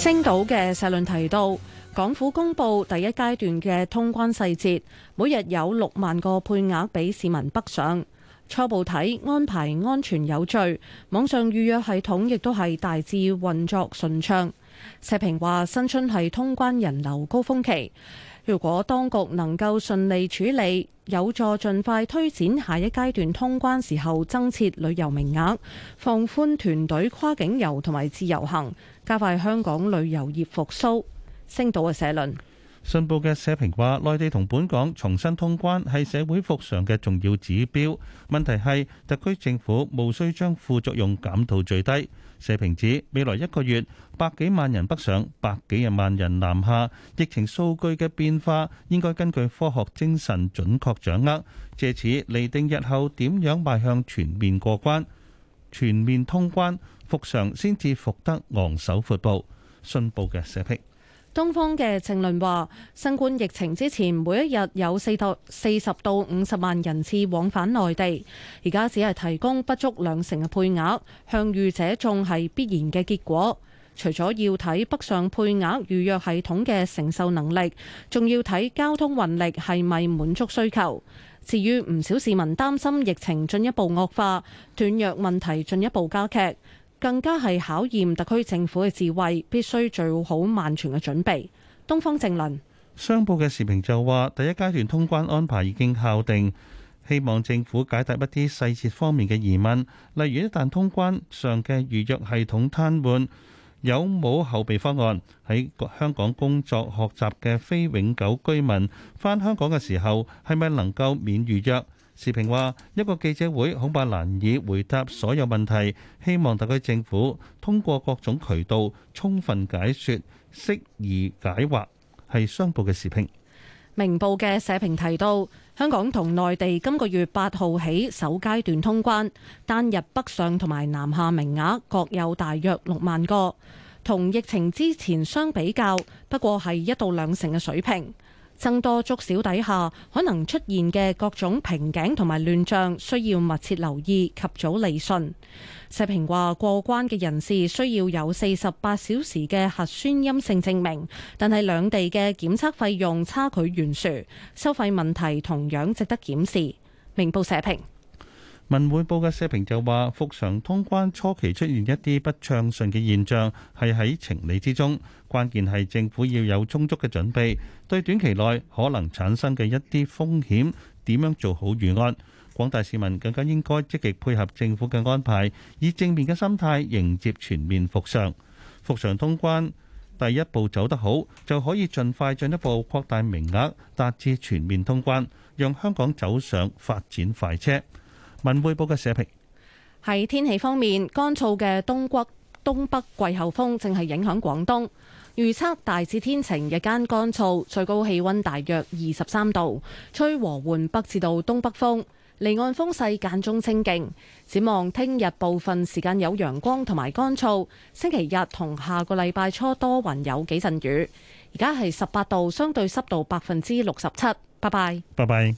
Speaker 3: 《星島》嘅社論提到，港府公布第一階段嘅通關細節，每日有六萬個配額俾市民北上。初步睇安排安全有序，網上預約系統亦都係大致運作順暢。社評話：新春係通關人流高峰期，如果當局能夠順利處理，有助盡快推展下一階段通關時候增設旅遊名額，放寬團隊跨境遊同埋自由行。加快香港旅遊業復甦，星島嘅社
Speaker 4: 論。信報嘅社評話，內地同本港重新通關係社會復常嘅重要指標。問題係特區政府務須將副作用減到最低。社評指未來一個月百幾萬人北上，百幾萬人南下，疫情數據嘅變化應該根據科學精神準確掌握，藉此釐定日後點樣邁向全面過關、全面通關。.服上先至服得昂首闊步，信報嘅社評。
Speaker 3: 東方嘅政論話，新冠疫情之前每一日有四到四十到五十萬人次往返內地，而家只係提供不足兩成嘅配額，向隅者眾係必然嘅結果。除咗要睇北上配額預約系統嘅承受能力，仲要睇交通運力係咪滿足需求。至於唔少市民擔心疫情進一步惡化，斷藥問題進一步加劇。更加係考驗特區政府嘅智慧，必須做好萬全嘅準備。《東方政論》
Speaker 4: 商報嘅時評就話：第一階段通關安排已經敲定，希望政府解答一啲細節方面嘅疑問，例如一旦通關上嘅預約系統癱瘓，有冇後備方案？喺香港工作學習嘅非永久居民返香港嘅時候，係咪能夠免預約？時評話：一個記者會恐怕難以回答所有問題，希望特區政府通過各種渠道充分解説、適宜解惑。係商報嘅時評。
Speaker 3: 明報嘅社評提到，香港同內地今個月八號起首階段通關，單日北上同埋南下名額各有大約六萬個，同疫情之前相比較，不過係一到兩成嘅水平。增多捉少底下，可能出現嘅各種瓶頸同埋亂象，需要密切留意及早理順。社評話過關嘅人士需要有四十八小時嘅核酸陰性證明，但係兩地嘅檢測費用差距懸殊，收費問題同樣值得檢視。明報社評。
Speaker 4: 文匯報嘅社評就話：復常通關初期出現一啲不暢順嘅現象，係喺情理之中。關鍵係政府要有充足嘅準備，對短期內可能產生嘅一啲風險點樣做好預案。廣大市民更加應該積極配合政府嘅安排，以正面嘅心態迎接全面復常。復常通關第一步走得好，就可以盡快進一步擴大名額，達至全面通關，讓香港走上發展快車。文匯報嘅社評
Speaker 3: 喺天氣方面，乾燥嘅東北東北季候風正係影響廣東。預測大致天晴，日間乾燥，最高氣温大約二十三度，吹和緩北至到東北風。離岸風勢間中清勁。展望聽日部分時間有陽光同埋乾燥，星期日同下個禮拜初多雲有幾陣雨。而家係十八度，相對濕度百分之六十七。拜拜，
Speaker 4: 拜拜。